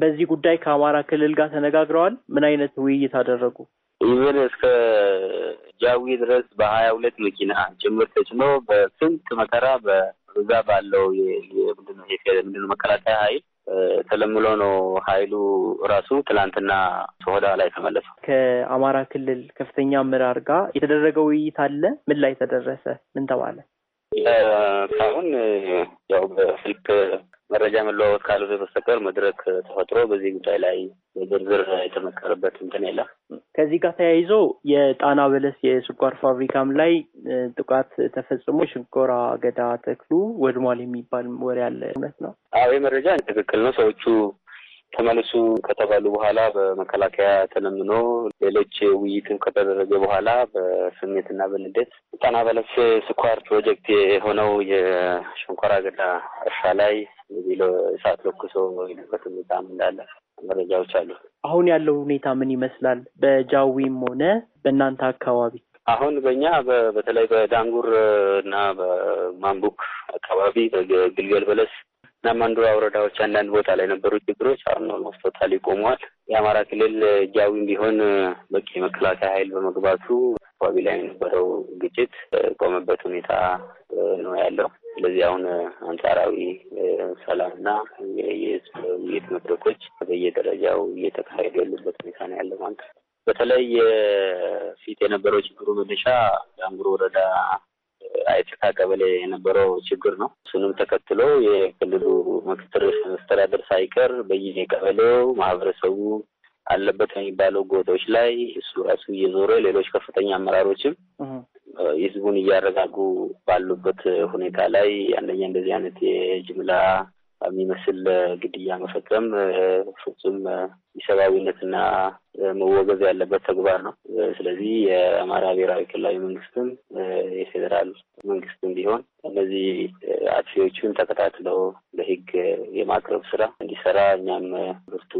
በዚህ ጉዳይ ከአማራ ክልል ጋር ተነጋግረዋል። ምን አይነት ውይይት አደረጉ? ኢቨን እስከ ጃዊ ድረስ በሀያ ሁለት መኪና ጭምር ተጭኖ በስንት መከራ በዛ ባለው ምንድነው መከላከያ ኃይል ተለምሎ ነው ኃይሉ ራሱ ትላንትና ሶሆዳ ላይ ተመለሰው። ከአማራ ክልል ከፍተኛ አመራር ጋር የተደረገ ውይይት አለ። ምን ላይ ተደረሰ? ምን ተባለ? እስካሁን ያው በስልክ መረጃ መለዋወጥ ካሉት በስተቀር መድረክ ተፈጥሮ በዚህ ጉዳይ ላይ በዝርዝር የተመከረበት እንትን የለም። ከዚህ ጋር ተያይዞ የጣና በለስ የስኳር ፋብሪካም ላይ ጥቃት ተፈጽሞ ሽንኮራ አገዳ ተክሉ ወድሟል የሚባል ወሬ አለ። እውነት ነው? አዎ ይህ መረጃ ትክክል ነው። ሰዎቹ ተመልሱ ከተባሉ በኋላ በመከላከያ ተለምኖ ሌሎች ውይይትም ከተደረገ በኋላ በስሜትና በንዴት ጣና በለስ ስኳር ፕሮጀክት የሆነው የሸንኮራ አገዳ እርሻ ላይ እዚህ እሳት ለኩሶ የሄዱበት ሁኔታም እንዳለ መረጃዎች አሉ። አሁን ያለው ሁኔታ ምን ይመስላል? በጃዊም ሆነ በእናንተ አካባቢ አሁን በእኛ በተለይ በዳንጉር እና በማንቡክ አካባቢ በግልገል በለስ እና ማንዱራ ወረዳዎች አንዳንድ ቦታ ላይ ነበሩ ችግሮች አሁን ኦልሞስት ቶታሊ ቆመዋል። የአማራ ክልል ጃዊም ቢሆን በቂ መከላከያ ኃይል በመግባቱ አካባቢ ላይ የነበረው ግጭት ቆመበት ሁኔታ ነው ያለው። ስለዚህ አሁን አንጻራዊ ሰላምና የህዝብ ውይይት መድረኮች በየደረጃው እየተካሄዱ ያሉበት ሁኔታ ነው ያለው ማለት ነው። በተለይ የፊት የነበረው ችግሩ መነሻ የአንጉር ወረዳ አይጭካ ቀበሌ የነበረው ችግር ነው። እሱንም ተከትሎ የክልሉ ምክትል መስተዳደር ሳይቀር በየቀበሌው ማህበረሰቡ አለበት ከሚባለው ጎጦች ላይ እሱ ራሱ እየዞረ ሌሎች ከፍተኛ አመራሮችም ህዝቡን እያረጋጉ ባሉበት ሁኔታ ላይ አንደኛ እንደዚህ አይነት የጅምላ የሚመስል ግድያ መፈጸም ፍጹም ኢሰብአዊነትና መወገዝ ያለበት ተግባር ነው። ስለዚህ የአማራ ብሔራዊ ክልላዊ መንግስትም የፌዴራል መንግስትም ቢሆን እነዚህ አጥፊዎቹን ተከታትለው ለህግ የማቅረብ ስራ እንዲሰራ እኛም ብርቱ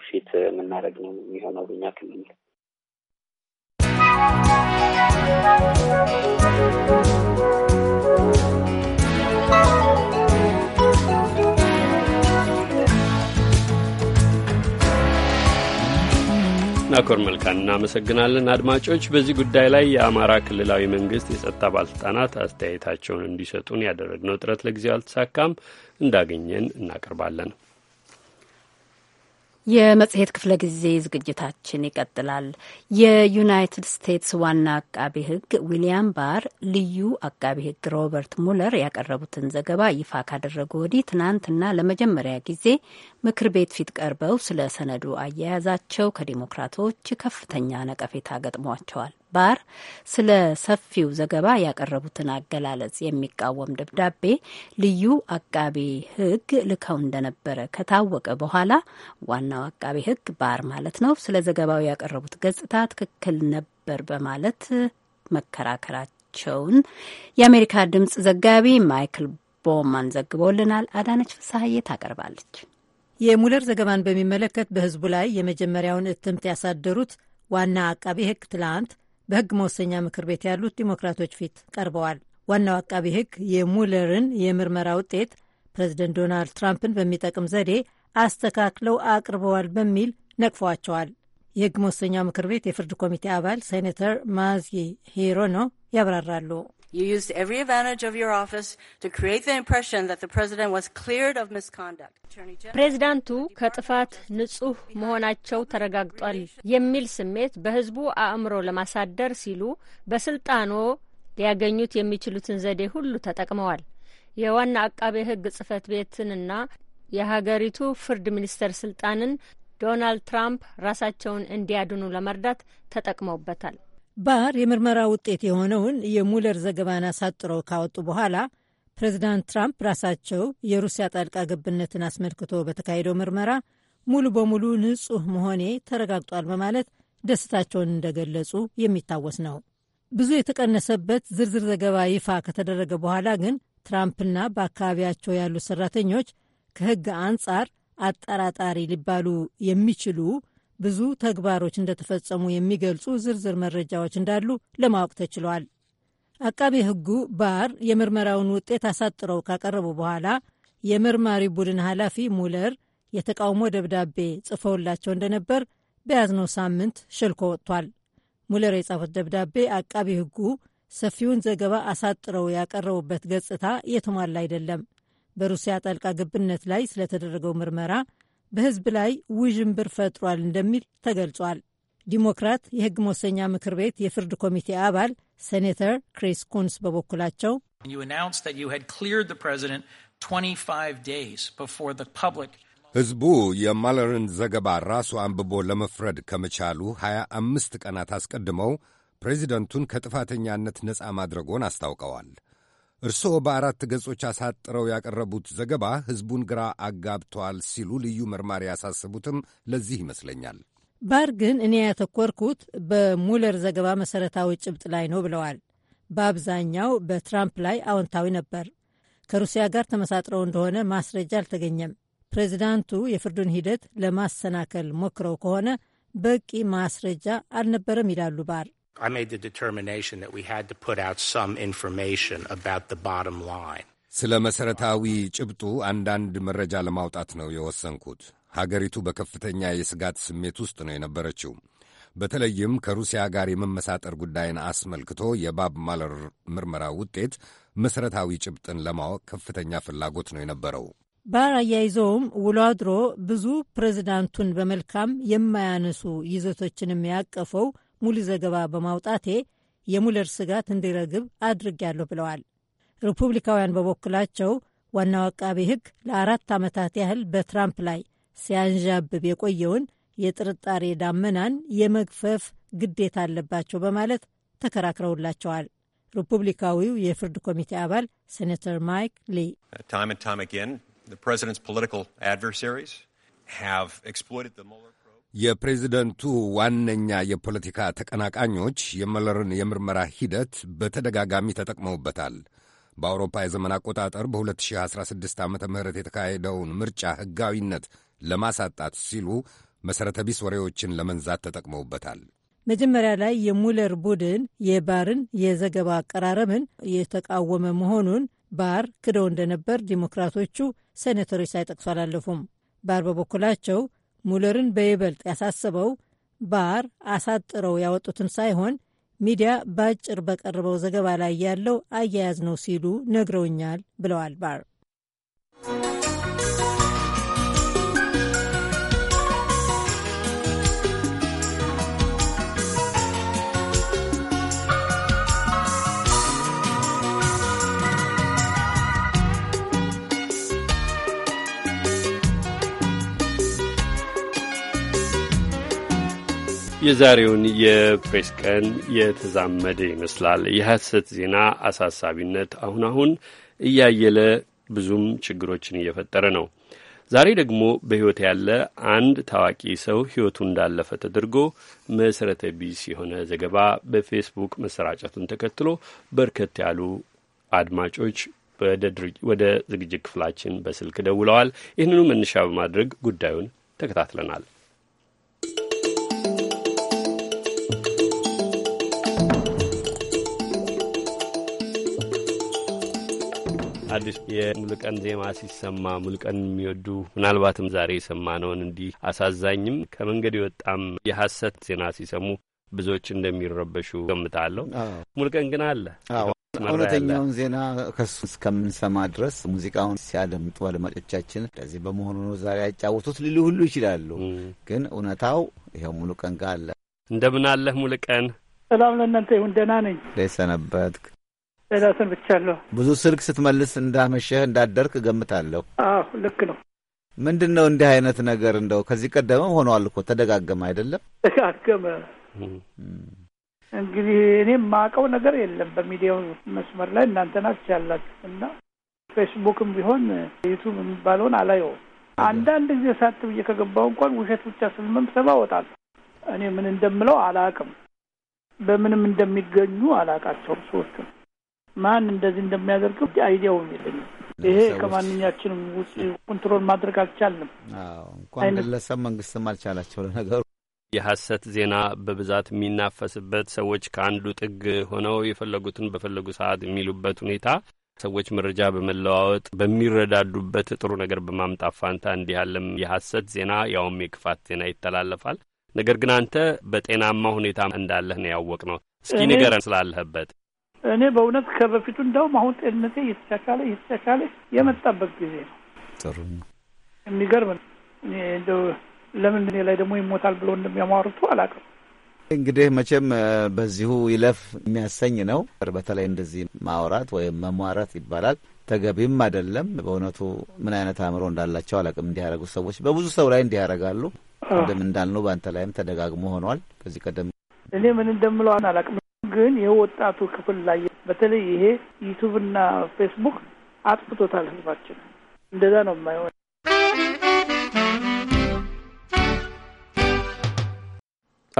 ግፊት የምናደርግ ነው የሚሆነው በኛ ክልል። Thank you. ናኮር መልካን እናመሰግናለን። አድማጮች፣ በዚህ ጉዳይ ላይ የአማራ ክልላዊ መንግስት የጸጥታ ባለስልጣናት አስተያየታቸውን እንዲሰጡን ያደረግነው ጥረት ለጊዜው አልተሳካም። እንዳገኘን እናቀርባለን። የመጽሔት ክፍለ ጊዜ ዝግጅታችን ይቀጥላል። የዩናይትድ ስቴትስ ዋና አቃቢ ሕግ ዊሊያም ባር ልዩ አቃቢ ሕግ ሮበርት ሙለር ያቀረቡትን ዘገባ ይፋ ካደረጉ ወዲህ ትናንትና ለመጀመሪያ ጊዜ ምክር ቤት ፊት ቀርበው ስለ ሰነዱ አያያዛቸው ከዲሞክራቶች ከፍተኛ ነቀፌታ ገጥሟቸዋል። ባር ስለ ሰፊው ዘገባ ያቀረቡትን አገላለጽ የሚቃወም ደብዳቤ ልዩ አቃቤ ሕግ ልከው እንደነበረ ከታወቀ በኋላ ዋናው አቃቤ ሕግ ባር ማለት ነው ስለ ዘገባው ያቀረቡት ገጽታ ትክክል ነበር በማለት መከራከራቸውን የአሜሪካ ድምጽ ዘጋቢ ማይክል ቦማን ዘግቦልናል። አዳነች ፍስሀዬ ታቀርባለች። የሙለር ዘገባን በሚመለከት በህዝቡ ላይ የመጀመሪያውን እትምት ያሳደሩት ዋና አቃቤ ህግ ትላንት በሕግ መወሰኛ ምክር ቤት ያሉት ዲሞክራቶች ፊት ቀርበዋል። ዋናው አቃቢ ሕግ የሙለርን የምርመራ ውጤት ፕሬዚደንት ዶናልድ ትራምፕን በሚጠቅም ዘዴ አስተካክለው አቅርበዋል በሚል ነቅፈዋቸዋል። የሕግ መወሰኛው ምክር ቤት የፍርድ ኮሚቴ አባል ሴኔተር ማዚ ሂሮኖ ያብራራሉ። You used every advantage of your office to create the impression that the president was cleared of misconduct. ፕሬዚዳንቱ ከጥፋት ንጹህ መሆናቸው ተረጋግጧል የሚል ስሜት በህዝቡ አእምሮ ለማሳደር ሲሉ በስልጣኖ ሊያገኙት የሚችሉትን ዘዴ ሁሉ ተጠቅመዋል። የዋና አቃቤ ህግ ጽህፈት ቤትንና የሀገሪቱ ፍርድ ሚኒስቴር ስልጣንን ዶናልድ ትራምፕ ራሳቸውን እንዲያድኑ ለመርዳት ተጠቅመውበታል። ባር የምርመራ ውጤት የሆነውን የሙለር ዘገባን አሳጥረው ካወጡ በኋላ ፕሬዚዳንት ትራምፕ ራሳቸው የሩሲያ ጣልቃ ገብነትን አስመልክቶ በተካሄደው ምርመራ ሙሉ በሙሉ ንጹህ መሆኔ ተረጋግጧል በማለት ደስታቸውን እንደገለጹ የሚታወስ ነው። ብዙ የተቀነሰበት ዝርዝር ዘገባ ይፋ ከተደረገ በኋላ ግን ትራምፕና በአካባቢያቸው ያሉ ሰራተኞች ከሕግ አንጻር አጠራጣሪ ሊባሉ የሚችሉ ብዙ ተግባሮች እንደተፈጸሙ የሚገልጹ ዝርዝር መረጃዎች እንዳሉ ለማወቅ ተችሏል። አቃቤ ሕጉ ባር የምርመራውን ውጤት አሳጥረው ካቀረቡ በኋላ የመርማሪ ቡድን ኃላፊ ሙለር የተቃውሞ ደብዳቤ ጽፈውላቸው እንደነበር በያዝነው ሳምንት ሸልኮ ወጥቷል። ሙለር የጻፉት ደብዳቤ አቃቢ ሕጉ ሰፊውን ዘገባ አሳጥረው ያቀረቡበት ገጽታ የተሟላ አይደለም፣ በሩሲያ ጣልቃ ግብነት ላይ ስለተደረገው ምርመራ በህዝብ ላይ ውዥንብር ፈጥሯል እንደሚል ተገልጿል። ዲሞክራት የህግ መወሰኛ ምክር ቤት የፍርድ ኮሚቴ አባል ሴኔተር ክሪስ ኩንስ በበኩላቸው ህዝቡ የማለርን ዘገባ ራሱ አንብቦ ለመፍረድ ከመቻሉ 25 ቀናት አስቀድመው ፕሬዚደንቱን ከጥፋተኛነት ነፃ ማድረጎን አስታውቀዋል። እርስዎ በአራት ገጾች አሳጥረው ያቀረቡት ዘገባ ሕዝቡን ግራ አጋብተዋል ሲሉ ልዩ መርማሪ ያሳሰቡትም ለዚህ ይመስለኛል። ባር ግን እኔ ያተኮርኩት በሙለር ዘገባ መሠረታዊ ጭብጥ ላይ ነው ብለዋል። በአብዛኛው በትራምፕ ላይ አዎንታዊ ነበር። ከሩሲያ ጋር ተመሳጥረው እንደሆነ ማስረጃ አልተገኘም። ፕሬዚዳንቱ የፍርዱን ሂደት ለማሰናከል ሞክረው ከሆነ በቂ ማስረጃ አልነበረም ይላሉ ባር I made the determination that we had to put out some information about the bottom line. ስለ መሠረታዊ ጭብጡ አንዳንድ መረጃ ለማውጣት ነው የወሰንኩት። ሀገሪቱ በከፍተኛ የስጋት ስሜት ውስጥ ነው የነበረችው። በተለይም ከሩሲያ ጋር የመመሳጠር ጉዳይን አስመልክቶ የባብ ማለር ምርመራ ውጤት መሠረታዊ ጭብጥን ለማወቅ ከፍተኛ ፍላጎት ነው የነበረው። ባር አያይዘውም ውሎ አድሮ ብዙ ፕሬዚዳንቱን በመልካም የማያነሱ ይዘቶችንም ያቀፈው ሙሉ ዘገባ በማውጣቴ የሙለር ስጋት እንዲረግብ አድርጌያለሁ ብለዋል። ሪፑብሊካውያን በበኩላቸው ዋናው አቃቤ ሕግ ለአራት ዓመታት ያህል በትራምፕ ላይ ሲያንዣብብ የቆየውን የጥርጣሬ ዳመናን የመግፈፍ ግዴታ አለባቸው በማለት ተከራክረውላቸዋል። ሪፑብሊካዊው የፍርድ ኮሚቴ አባል ሴኔተር ማይክ ሊ ታይም ታይም አጌን ፕሬዚደንትስ ፖለቲካል አድቨርሳሪስ ሃቭ ኤክስፕሎይትድ ዘ ሙለር የፕሬዚደንቱ ዋነኛ የፖለቲካ ተቀናቃኞች የመለርን የምርመራ ሂደት በተደጋጋሚ ተጠቅመውበታል። በአውሮፓ የዘመን አቆጣጠር በ2016 ዓ ም የተካሄደውን ምርጫ ሕጋዊነት ለማሳጣት ሲሉ መሠረተ ቢስ ወሬዎችን ለመንዛት ተጠቅመውበታል። መጀመሪያ ላይ የሙለር ቡድን የባርን የዘገባ አቀራረብን የተቃወመ መሆኑን ባር ክደው እንደነበር ዲሞክራቶቹ ሴኔተሮች ሳይጠቅሱ አላለፉም። ባር በበኩላቸው ሙለርን በይበልጥ ያሳሰበው ባር አሳጥረው ያወጡትን ሳይሆን ሚዲያ በአጭር በቀረበው ዘገባ ላይ ያለው አያያዝ ነው ሲሉ ነግረውኛል ብለዋል ባር። የዛሬውን የፕሬስ ቀን የተዛመደ ይመስላል። የሐሰት ዜና አሳሳቢነት አሁን አሁን እያየለ ብዙም ችግሮችን እየፈጠረ ነው። ዛሬ ደግሞ በሕይወት ያለ አንድ ታዋቂ ሰው ሕይወቱ እንዳለፈ ተደርጎ መሠረተ ቢስ የሆነ ዘገባ በፌስቡክ መሰራጨቱን ተከትሎ በርከት ያሉ አድማጮች ወደ ዝግጅት ክፍላችን በስልክ ደውለዋል። ይህንኑ መነሻ በማድረግ ጉዳዩን ተከታትለናል። አዲስ የሙልቀን ዜማ ሲሰማ ሙልቀን የሚወዱ ምናልባትም ዛሬ የሰማነውን እንዲህ አሳዛኝም ከመንገድ የወጣም የሐሰት ዜና ሲሰሙ ብዙዎች እንደሚረበሹ ገምታለሁ። ሙልቀን ግን አለ እውነተኛውን ዜና ከሱ እስከምንሰማ ድረስ ሙዚቃውን ሲያደምጡ አድማጮቻችን እንደዚህ በመሆኑ ነው ዛሬ ያጫወቱት ሊሉ ሁሉ ይችላሉ። ግን እውነታው ይኸው ሙሉቀን ጋር አለ። እንደምን አለህ ሙሉቀን? ሰላም ለእናንተ ይሁን። ደህና ነኝ። ደህና ሰነበትክ? ሌላ ሰንብቻለሁ። ብዙ ስልክ ስትመልስ እንዳመሸህ እንዳደርክ ገምታለሁ። አዎ ልክ ነው። ምንድን ነው እንዲህ አይነት ነገር እንደው ከዚህ ቀደምም ሆነዋል እኮ ተደጋገመ አይደለም? ተደጋገመ። እንግዲህ እኔም ማውቀው ነገር የለም። በሚዲያው መስመር ላይ እናንተ ናችሁ ያላችሁት እና ፌስቡክም ቢሆን ዩቱብ የሚባለውን አላየውም። አንዳንድ ጊዜ ሳት ብዬ ከገባው እንኳን ውሸት ብቻ ሰባ ወጣል። እኔ ምን እንደምለው አላውቅም። በምንም እንደሚገኙ አላውቃቸውም ሶስቱም ማን እንደዚህ እንደሚያደርገው አይዲያውም የለኝም። ይሄ ከማንኛችንም ውጭ ኮንትሮል ማድረግ አልቻልንም። እንኳን ግለሰብ መንግስትም አልቻላቸው። ለነገሩ የሐሰት ዜና በብዛት የሚናፈስበት ሰዎች ከአንዱ ጥግ ሆነው የፈለጉትን በፈለጉ ሰዓት የሚሉበት ሁኔታ ሰዎች መረጃ በመለዋወጥ በሚረዳዱበት ጥሩ ነገር በማምጣት ፋንታ እንዲህ ያለም የሐሰት ዜና ያውም የክፋት ዜና ይተላለፋል። ነገር ግን አንተ በጤናማ ሁኔታ እንዳለህ ነው ያወቅ ነው። እስኪ ንገረን ስላለህበት እኔ በእውነት ከበፊቱ እንደውም አሁን ጤንነቴ እየተሻሻለ እየተሻሻለ የመጣበት ጊዜ ነው። ጥሩ የሚገርም እንደው ለምን እኔ ላይ ደግሞ ይሞታል ብሎ እንደሚያሟርቱ አላውቅም። እንግዲህ መቼም በዚሁ ይለፍ የሚያሰኝ ነው። በተለይ እንደዚህ ማውራት ወይም መሟረት ይባላል። ተገቢም አይደለም። በእውነቱ ምን አይነት አእምሮ እንዳላቸው አላውቅም። እንዲያደረጉ ሰዎች በብዙ ሰው ላይ እንዲያደረጋሉ። ቅድም እንዳልነው በአንተ ላይም ተደጋግሞ ሆኗል። ከዚህ ቀደም እኔ ምን እንደምለው አላውቅም። ግን የወጣቱ ክፍል ላይ በተለይ ይሄ ዩቱብና ፌስቡክ አጥፍቶታል ህዝባችን። እንደዛ ነው የማይሆን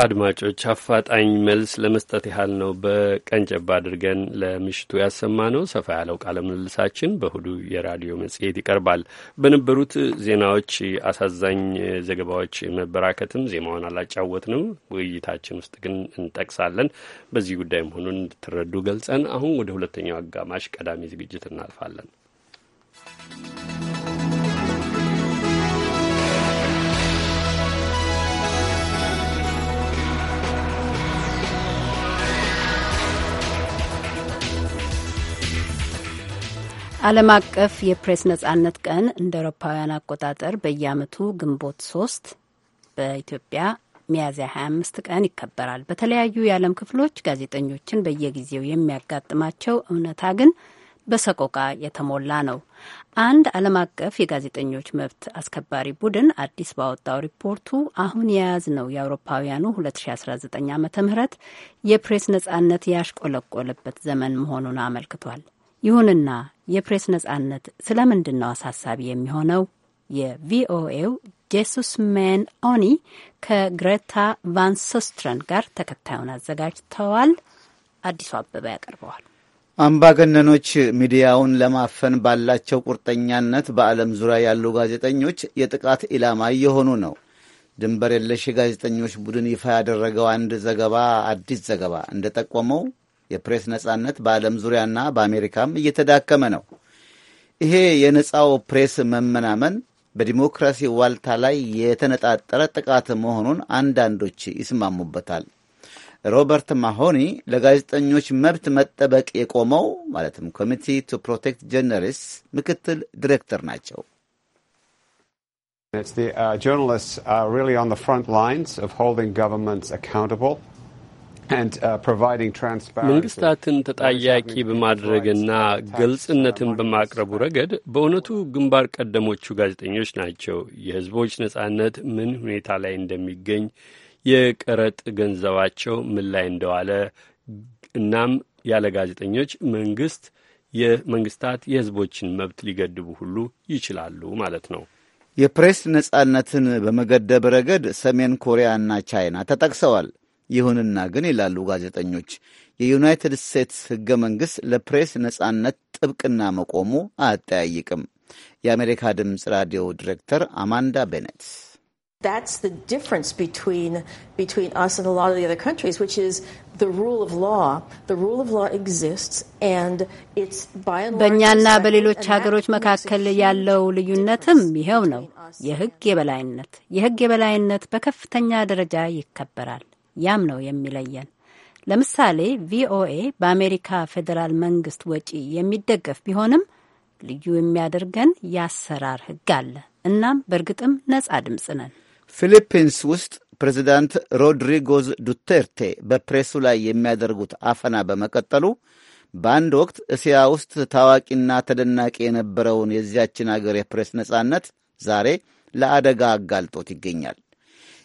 አድማጮች አፋጣኝ መልስ ለመስጠት ያህል ነው በቀንጨባ አድርገን ለምሽቱ ያሰማ ነው። ሰፋ ያለው ቃለ ምልልሳችን በእሁዱ የራዲዮ መጽሔት ይቀርባል። በነበሩት ዜናዎች አሳዛኝ ዘገባዎች መበራከትም ዜማውን አላጫወትንም፣ ውይይታችን ውስጥ ግን እንጠቅሳለን። በዚህ ጉዳይ መሆኑን እንድትረዱ ገልጸን አሁን ወደ ሁለተኛው አጋማሽ ቀዳሚ ዝግጅት እናልፋለን። ዓለም አቀፍ የፕሬስ ነጻነት ቀን እንደ አውሮፓውያን አቆጣጠር በየአመቱ ግንቦት ሶስት በኢትዮጵያ ሚያዝያ 25 ቀን ይከበራል። በተለያዩ የዓለም ክፍሎች ጋዜጠኞችን በየጊዜው የሚያጋጥማቸው እውነታ ግን በሰቆቃ የተሞላ ነው። አንድ ዓለም አቀፍ የጋዜጠኞች መብት አስከባሪ ቡድን አዲስ ባወጣው ሪፖርቱ አሁን የያዝነው የአውሮፓውያኑ 2019 ዓ ም የፕሬስ ነጻነት ያሽቆለቆለበት ዘመን መሆኑን አመልክቷል። ይሁንና የፕሬስ ነጻነት ስለምንድን ነው አሳሳቢ የሚሆነው? የቪኦኤው ጄሱስ ሜን ኦኒ ከግሬታ ቫንሶስትረን ጋር ተከታዩን አዘጋጅተዋል። አዲሱ አበባ ያቀርበዋል። አምባገነኖች ሚዲያውን ለማፈን ባላቸው ቁርጠኛነት በዓለም ዙሪያ ያሉ ጋዜጠኞች የጥቃት ኢላማ እየሆኑ ነው። ድንበር የለሽ የጋዜጠኞች ቡድን ይፋ ያደረገው አንድ ዘገባ አዲስ ዘገባ እንደጠቆመው የፕሬስ ነጻነት በዓለም ዙሪያና በአሜሪካም እየተዳከመ ነው። ይሄ የነጻው ፕሬስ መመናመን በዲሞክራሲ ዋልታ ላይ የተነጣጠረ ጥቃት መሆኑን አንዳንዶች ይስማሙበታል። ሮበርት ማሆኒ ለጋዜጠኞች መብት መጠበቅ የቆመው ማለትም ኮሚቲ ቱ ፕሮቴክት ጀርናሊስት ምክትል ዲሬክተር ናቸው። ጆርናሊስት ሪ ን ፍሮንት ላይንስ ኦፍ ሆልዲንግ ጋቨርንመንትስ አካውንታብል Uh, መንግስታትን ተጠያቂ በማድረግና ግልጽነትን uh, በማቅረቡ ረገድ በእውነቱ ግንባር ቀደሞቹ ጋዜጠኞች ናቸው። የህዝቦች ነጻነት ምን ሁኔታ ላይ እንደሚገኝ፣ የቀረጥ ገንዘባቸው ምን ላይ እንደዋለ፣ እናም ያለ ጋዜጠኞች መንግስት የመንግስታት የህዝቦችን መብት ሊገድቡ ሁሉ ይችላሉ ማለት ነው። የፕሬስ ነጻነትን በመገደብ ረገድ ሰሜን ኮሪያና ቻይና ተጠቅሰዋል። ይሁንና ግን ይላሉ ጋዜጠኞች የዩናይትድ ስቴትስ ሕገ መንግሥት ለፕሬስ ነጻነት ጥብቅና መቆሙ አያጠያይቅም። የአሜሪካ ድምፅ ራዲዮ ዲሬክተር አማንዳ ቤኔት በእኛና በሌሎች ሀገሮች መካከል ያለው ልዩነትም ይኸው ነው። የህግ የበላይነት የህግ የበላይነት በከፍተኛ ደረጃ ይከበራል። ያም ነው የሚለየን። ለምሳሌ ቪኦኤ በአሜሪካ ፌዴራል መንግስት ወጪ የሚደገፍ ቢሆንም ልዩ የሚያደርገን የአሰራር ህግ አለ። እናም በእርግጥም ነጻ ድምፅ ነን። ፊሊፒንስ ውስጥ ፕሬዚዳንት ሮድሪጎዝ ዱቴርቴ በፕሬሱ ላይ የሚያደርጉት አፈና በመቀጠሉ በአንድ ወቅት እስያ ውስጥ ታዋቂና ተደናቂ የነበረውን የዚያችን አገር የፕሬስ ነጻነት ዛሬ ለአደጋ አጋልጦት ይገኛል።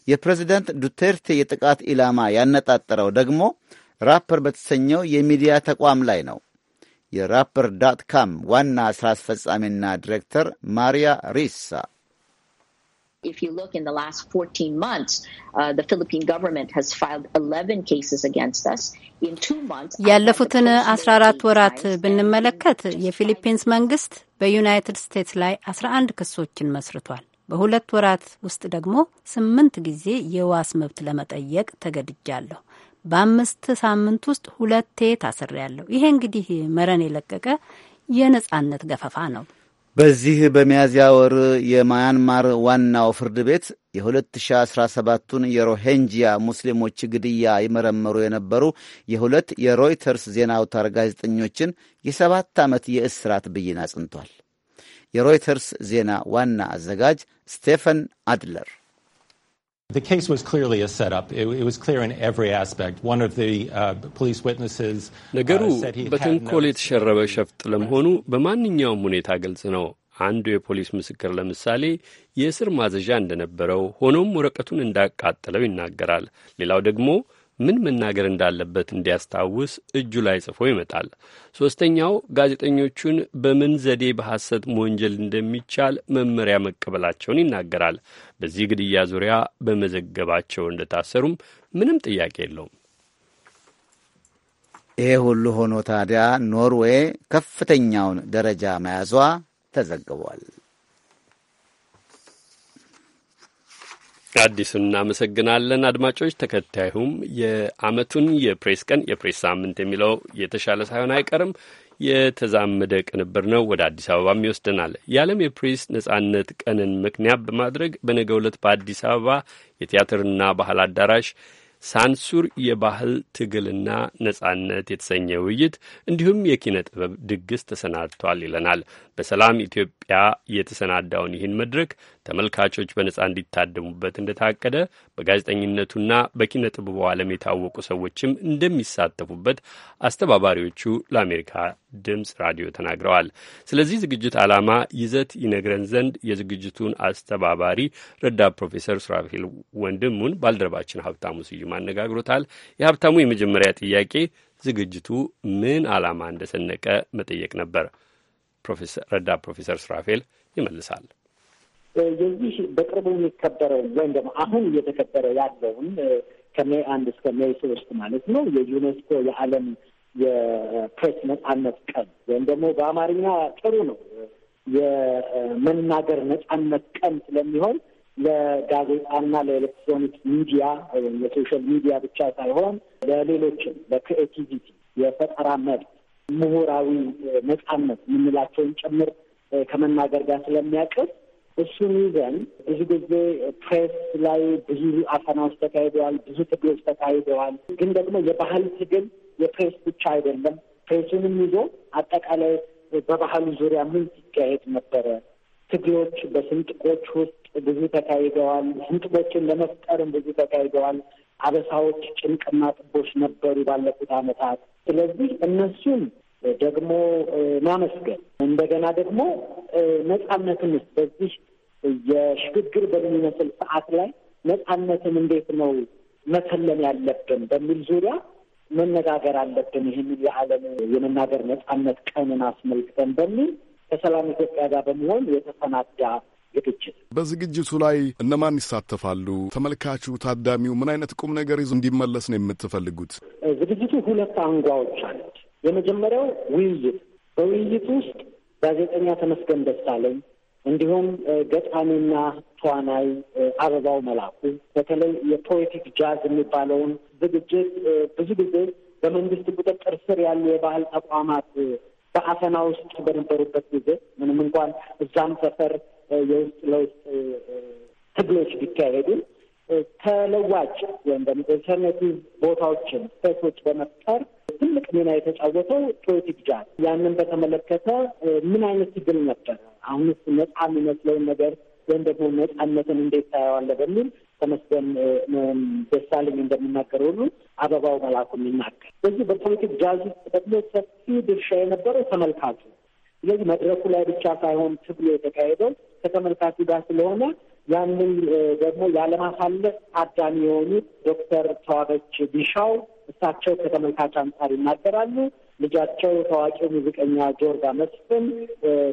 የፕሬዝደንት ዱቴርቴ የጥቃት ኢላማ ያነጣጠረው ደግሞ ራፐር በተሰኘው የሚዲያ ተቋም ላይ ነው። የራፐር ዳት ካም ዋና ሥራ አስፈጻሚና ዲሬክተር ማሪያ ሪሳ if you look in the last 14 months, uh, the Philippine government has filed 11 cases against us. In two months, ያለፉትን 14 ወራት ብንመለከት የፊሊፒንስ መንግስት በዩናይትድ ስቴትስ ላይ 11 ክሶችን መስርቷል። በሁለት ወራት ውስጥ ደግሞ ስምንት ጊዜ የዋስ መብት ለመጠየቅ ተገድጃለሁ። በአምስት ሳምንት ውስጥ ሁለቴ ታስሬያለሁ። ይሄ እንግዲህ መረን የለቀቀ የነጻነት ገፈፋ ነው። በዚህ በሚያዝያ ወር የማያንማር ዋናው ፍርድ ቤት የ2017ቱን የሮሄንጂያ ሙስሊሞች ግድያ ይመረመሩ የነበሩ የሁለት የሮይተርስ ዜና አውታር ጋዜጠኞችን የሰባት ዓመት የእስራት ብይን አጽንቷል። የሮይተርስ ዜና ዋና አዘጋጅ ስቴፈን አድለር ነገሩ በተንኮል የተሸረበ ሸፍጥ ለመሆኑ በማንኛውም ሁኔታ ግልጽ ነው። አንዱ የፖሊስ ምስክር ለምሳሌ የእስር ማዘዣ እንደነበረው ሆኖም ወረቀቱን እንዳቃጠለው ይናገራል። ሌላው ደግሞ ምን መናገር እንዳለበት እንዲያስታውስ እጁ ላይ ጽፎ ይመጣል። ሦስተኛው ጋዜጠኞቹን በምን ዘዴ በሐሰት መወንጀል እንደሚቻል መመሪያ መቀበላቸውን ይናገራል። በዚህ ግድያ ዙሪያ በመዘገባቸው እንደታሰሩም ምንም ጥያቄ የለውም። ይሄ ሁሉ ሆኖ ታዲያ ኖርዌይ ከፍተኛውን ደረጃ መያዟ ተዘግቧል። አዲሱን እናመሰግናለን። አድማጮች፣ ተከታዩም የአመቱን የፕሬስ ቀን የፕሬስ ሳምንት የሚለው የተሻለ ሳይሆን አይቀርም የተዛመደ ቅንብር ነው። ወደ አዲስ አበባም ይወስደናል። የዓለም የፕሬስ ነጻነት ቀንን ምክንያት በማድረግ በነገ ዕለት በአዲስ አበባ የቲያትርና ባህል አዳራሽ ሳንሱር የባህል ትግልና ነጻነት የተሰኘ ውይይት እንዲሁም የኪነ ጥበብ ድግስ ተሰናድቷል ይለናል። በሰላም ኢትዮጵያ የተሰናዳውን ይህን መድረክ ተመልካቾች በነጻ እንዲታደሙበት እንደታቀደ በጋዜጠኝነቱና በኪነ ጥበቡ ዓለም የታወቁ ሰዎችም እንደሚሳተፉበት አስተባባሪዎቹ ለአሜሪካ ድምፅ ራዲዮ ተናግረዋል። ስለዚህ ዝግጅት ዓላማ ይዘት ይነግረን ዘንድ የዝግጅቱን አስተባባሪ ረዳት ፕሮፌሰር ሱራፌል ወንድሙን ባልደረባችን ሀብታሙ ስዩም አነጋግሮታል። የሀብታሙ የመጀመሪያ ጥያቄ ዝግጅቱ ምን ዓላማ እንደሰነቀ መጠየቅ ነበር። ረዳ ፕሮፌሰር ስራፌል ይመልሳል። የዚህ በቅርቡ የሚከበረው ወይም ደግሞ አሁን እየተከበረ ያለውን ከሜይ አንድ እስከ ሜይ ሶስት ማለት ነው የዩኔስኮ የዓለም የፕሬስ ነጻነት ቀን ወይም ደግሞ በአማርኛ ጥሩ ነው የመናገር ነጻነት ቀን ስለሚሆን ለጋዜጣና ለኤሌክትሮኒክ ሚዲያ ወይም የሶሻል ሚዲያ ብቻ ሳይሆን ለሌሎችም ለክሬቲቪቲ የፈጠራ መብት ምሁራዊ ነጻነት የምንላቸውን ጭምር ከመናገር ጋር ስለሚያቅብ እሱን ይዘን ብዙ ጊዜ ፕሬስ ላይ ብዙ አፈናዎች ተካሂደዋል፣ ብዙ ትግሎች ተካሂደዋል። ግን ደግሞ የባህል ትግል የፕሬስ ብቻ አይደለም። ፕሬሱንም ይዞ አጠቃላይ በባህሉ ዙሪያ ምን ሲካሄድ ነበረ? ትግሎች በስንጥቆች ውስጥ ብዙ ተካሂደዋል። ስንጥቆችን ለመፍጠርም ብዙ ተካሂደዋል። አበሳዎች፣ ጭንቅና ጥቦች ነበሩ ባለፉት ዓመታት። ስለዚህ እነሱን ደግሞ ማመስገን እንደገና ደግሞ ነጻነትን በዚህ የሽግግር በሚመስል ሰዓት ላይ ነጻነትን እንዴት ነው መሰለን ያለብን በሚል ዙሪያ መነጋገር አለብን። ይህን የዓለም የመናገር ነጻነት ቀንን አስመልክተን በሚል ከሰላም ኢትዮጵያ ጋር በመሆን የተሰናዳ ዝግጅት። በዝግጅቱ ላይ እነማን ይሳተፋሉ? ተመልካቹ፣ ታዳሚው ምን አይነት ቁም ነገር ይዞ እንዲመለስ ነው የምትፈልጉት? ዝግጅቱ ሁለት አንጓዎች አሉት። የመጀመሪያው ውይይት በውይይት ውስጥ ጋዜጠኛ ተመስገን ደሳለኝ እንዲሁም ገጣሚና ተዋናይ አበባው መላኩ በተለይ የፖለቲክ ጃዝ የሚባለውን ዝግጅት ብዙ ጊዜ በመንግስት ቁጥጥር ስር ያሉ የባህል ተቋማት በአፈና ውስጥ በነበሩበት ጊዜ ምንም እንኳን እዛም ሰፈር የውስጥ ለውስጥ ትግሎች ቢካሄዱ ተለዋጭ ወይም ደግሞ ኢንተርኔቲቭ ቦታዎችን ሴቶች በመፍጠር ትልቅ ሚና የተጫወተው ፖለቲክ ጃዝ ያንን በተመለከተ ምን አይነት ችግር አሁን አሁንስ ነጻ የሚመስለውን ነገር ወይም ደግሞ ነጻነትን እንዴት ታየዋለ? በሚል ተመስገን ደሳለኝ እንደሚናገር ሁሉ አበባው መላኩ የሚናገር በዚህ በፖለቲክ ጃዝ ውስጥ ደግሞ ሰፊ ድርሻ የነበረው ተመልካቹ። ስለዚህ መድረኩ ላይ ብቻ ሳይሆን ትግሉ የተካሄደው ከተመልካቹ ጋር ስለሆነ ያንን ደግሞ ያለማሳለፍ ታዳሚ የሆኑት ዶክተር ተዋበች ቢሻው እሳቸው ከተመልካች አንጻር ይናገራሉ። ልጃቸው ታዋቂው ሙዚቀኛ ጆርጋ መስፍን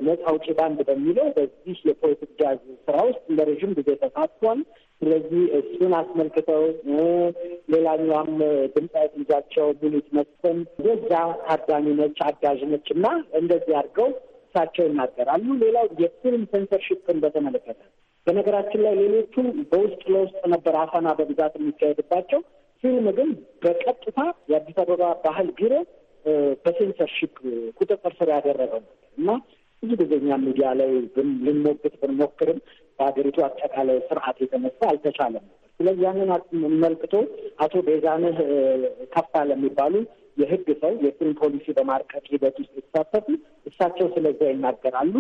ነጻ አውጪ ባንድ በሚለው በዚህ የፖለቲክ ጃዝ ስራ ውስጥ ለረዥም ጊዜ ተሳትፏል። ስለዚህ እሱን አስመልክተው ሌላኛዋም ድምፃዊት ልጃቸው ሙሉት መስፍን የዛ ታዳሚ ነች፣ አጋዥ ነች እና እንደዚህ አድርገው እሳቸው ይናገራሉ። ሌላው የፊልም ሴንሰርሽፕን በተመለከተ በነገራችን ላይ ሌሎቹ በውስጥ ለውስጥ ነበር አፈና በብዛት የሚካሄድባቸው ፊልም ግን በቀጥታ የአዲስ አበባ ባህል ቢሮ በሴንሰርሺፕ ቁጥጥር ስር ያደረገው ነበር እና ብዙ ጊዜ እኛ ሚዲያ ላይ ልንሞግት ብንሞክርም በሀገሪቱ አጠቃላይ ስርዓት የተነሳ አልተቻለም ነበር። ስለዚህ ያንን መልክቶ አቶ ቤዛነህ ከፋ ለሚባሉ የህግ ሰው የፊልም ፖሊሲ በማርቀቅ ሂደት ውስጥ የተሳተፉ እሳቸው ስለዚያ ይናገራሉ።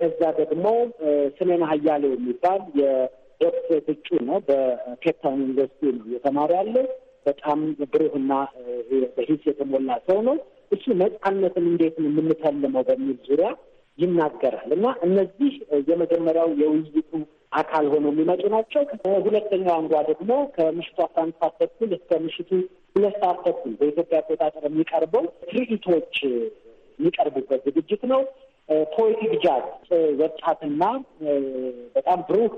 ከዛ ደግሞ ስሜን ሀያሌው የሚባል ኤፍሴት እጩ ነው። በኬፕታውን ዩኒቨርሲቲ ነው እየተማረ ያለው። በጣም ብሩህና በሂስ የተሞላ ሰው ነው። እሱ ነጻነትን እንዴት ነው የምንፈልመው በሚል ዙሪያ ይናገራል እና እነዚህ የመጀመሪያው የውይይቱ አካል ሆነው የሚመጡ ናቸው። ሁለተኛው አንዷ ደግሞ ከምሽቱ አስራ አንድ ሰዓት ተኩል እስከ ምሽቱ ሁለት ሰዓት ተኩል በኢትዮጵያ አቆጣጠር የሚቀርበው ትርኢቶች የሚቀርቡበት ዝግጅት ነው። ፖኤቲክ ጃዝ ወጣትና በጣም ብሩህ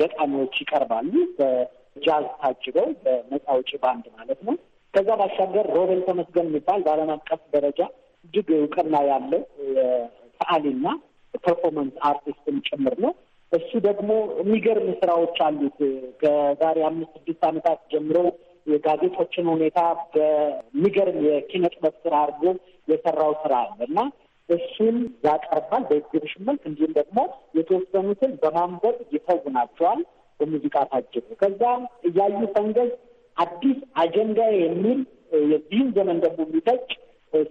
ገጣሚዎች ይቀርባሉ። በጃዝ ታጅበው በነፃ ባንድ ማለት ነው። ከዛ ባሻገር ሮቤል ተመስገን የሚባል በዓለም አቀፍ ደረጃ እጅግ እውቅና ያለው ሰዓሊና ፐርፎርማንስ አርቲስትም ጭምር ነው። እሱ ደግሞ የሚገርም ስራዎች አሉት። ከዛሬ አምስት ስድስት ዓመታት ጀምሮ የጋዜጦችን ሁኔታ በሚገርም የኪነ ጥበብ ስራ አድርጎ የሰራው ስራ አለ እና እሱን ያቀርባል በኤግዚቢሽን መልክ። እንዲሁም ደግሞ የተወሰኑትን በማንበብ ይተውናቸዋል በሙዚቃ ታጅቡ። ከዛ እያዩ ፈንገዝ አዲስ አጀንዳ የሚል የዚህም ዘመን ደግሞ የሚፈጭ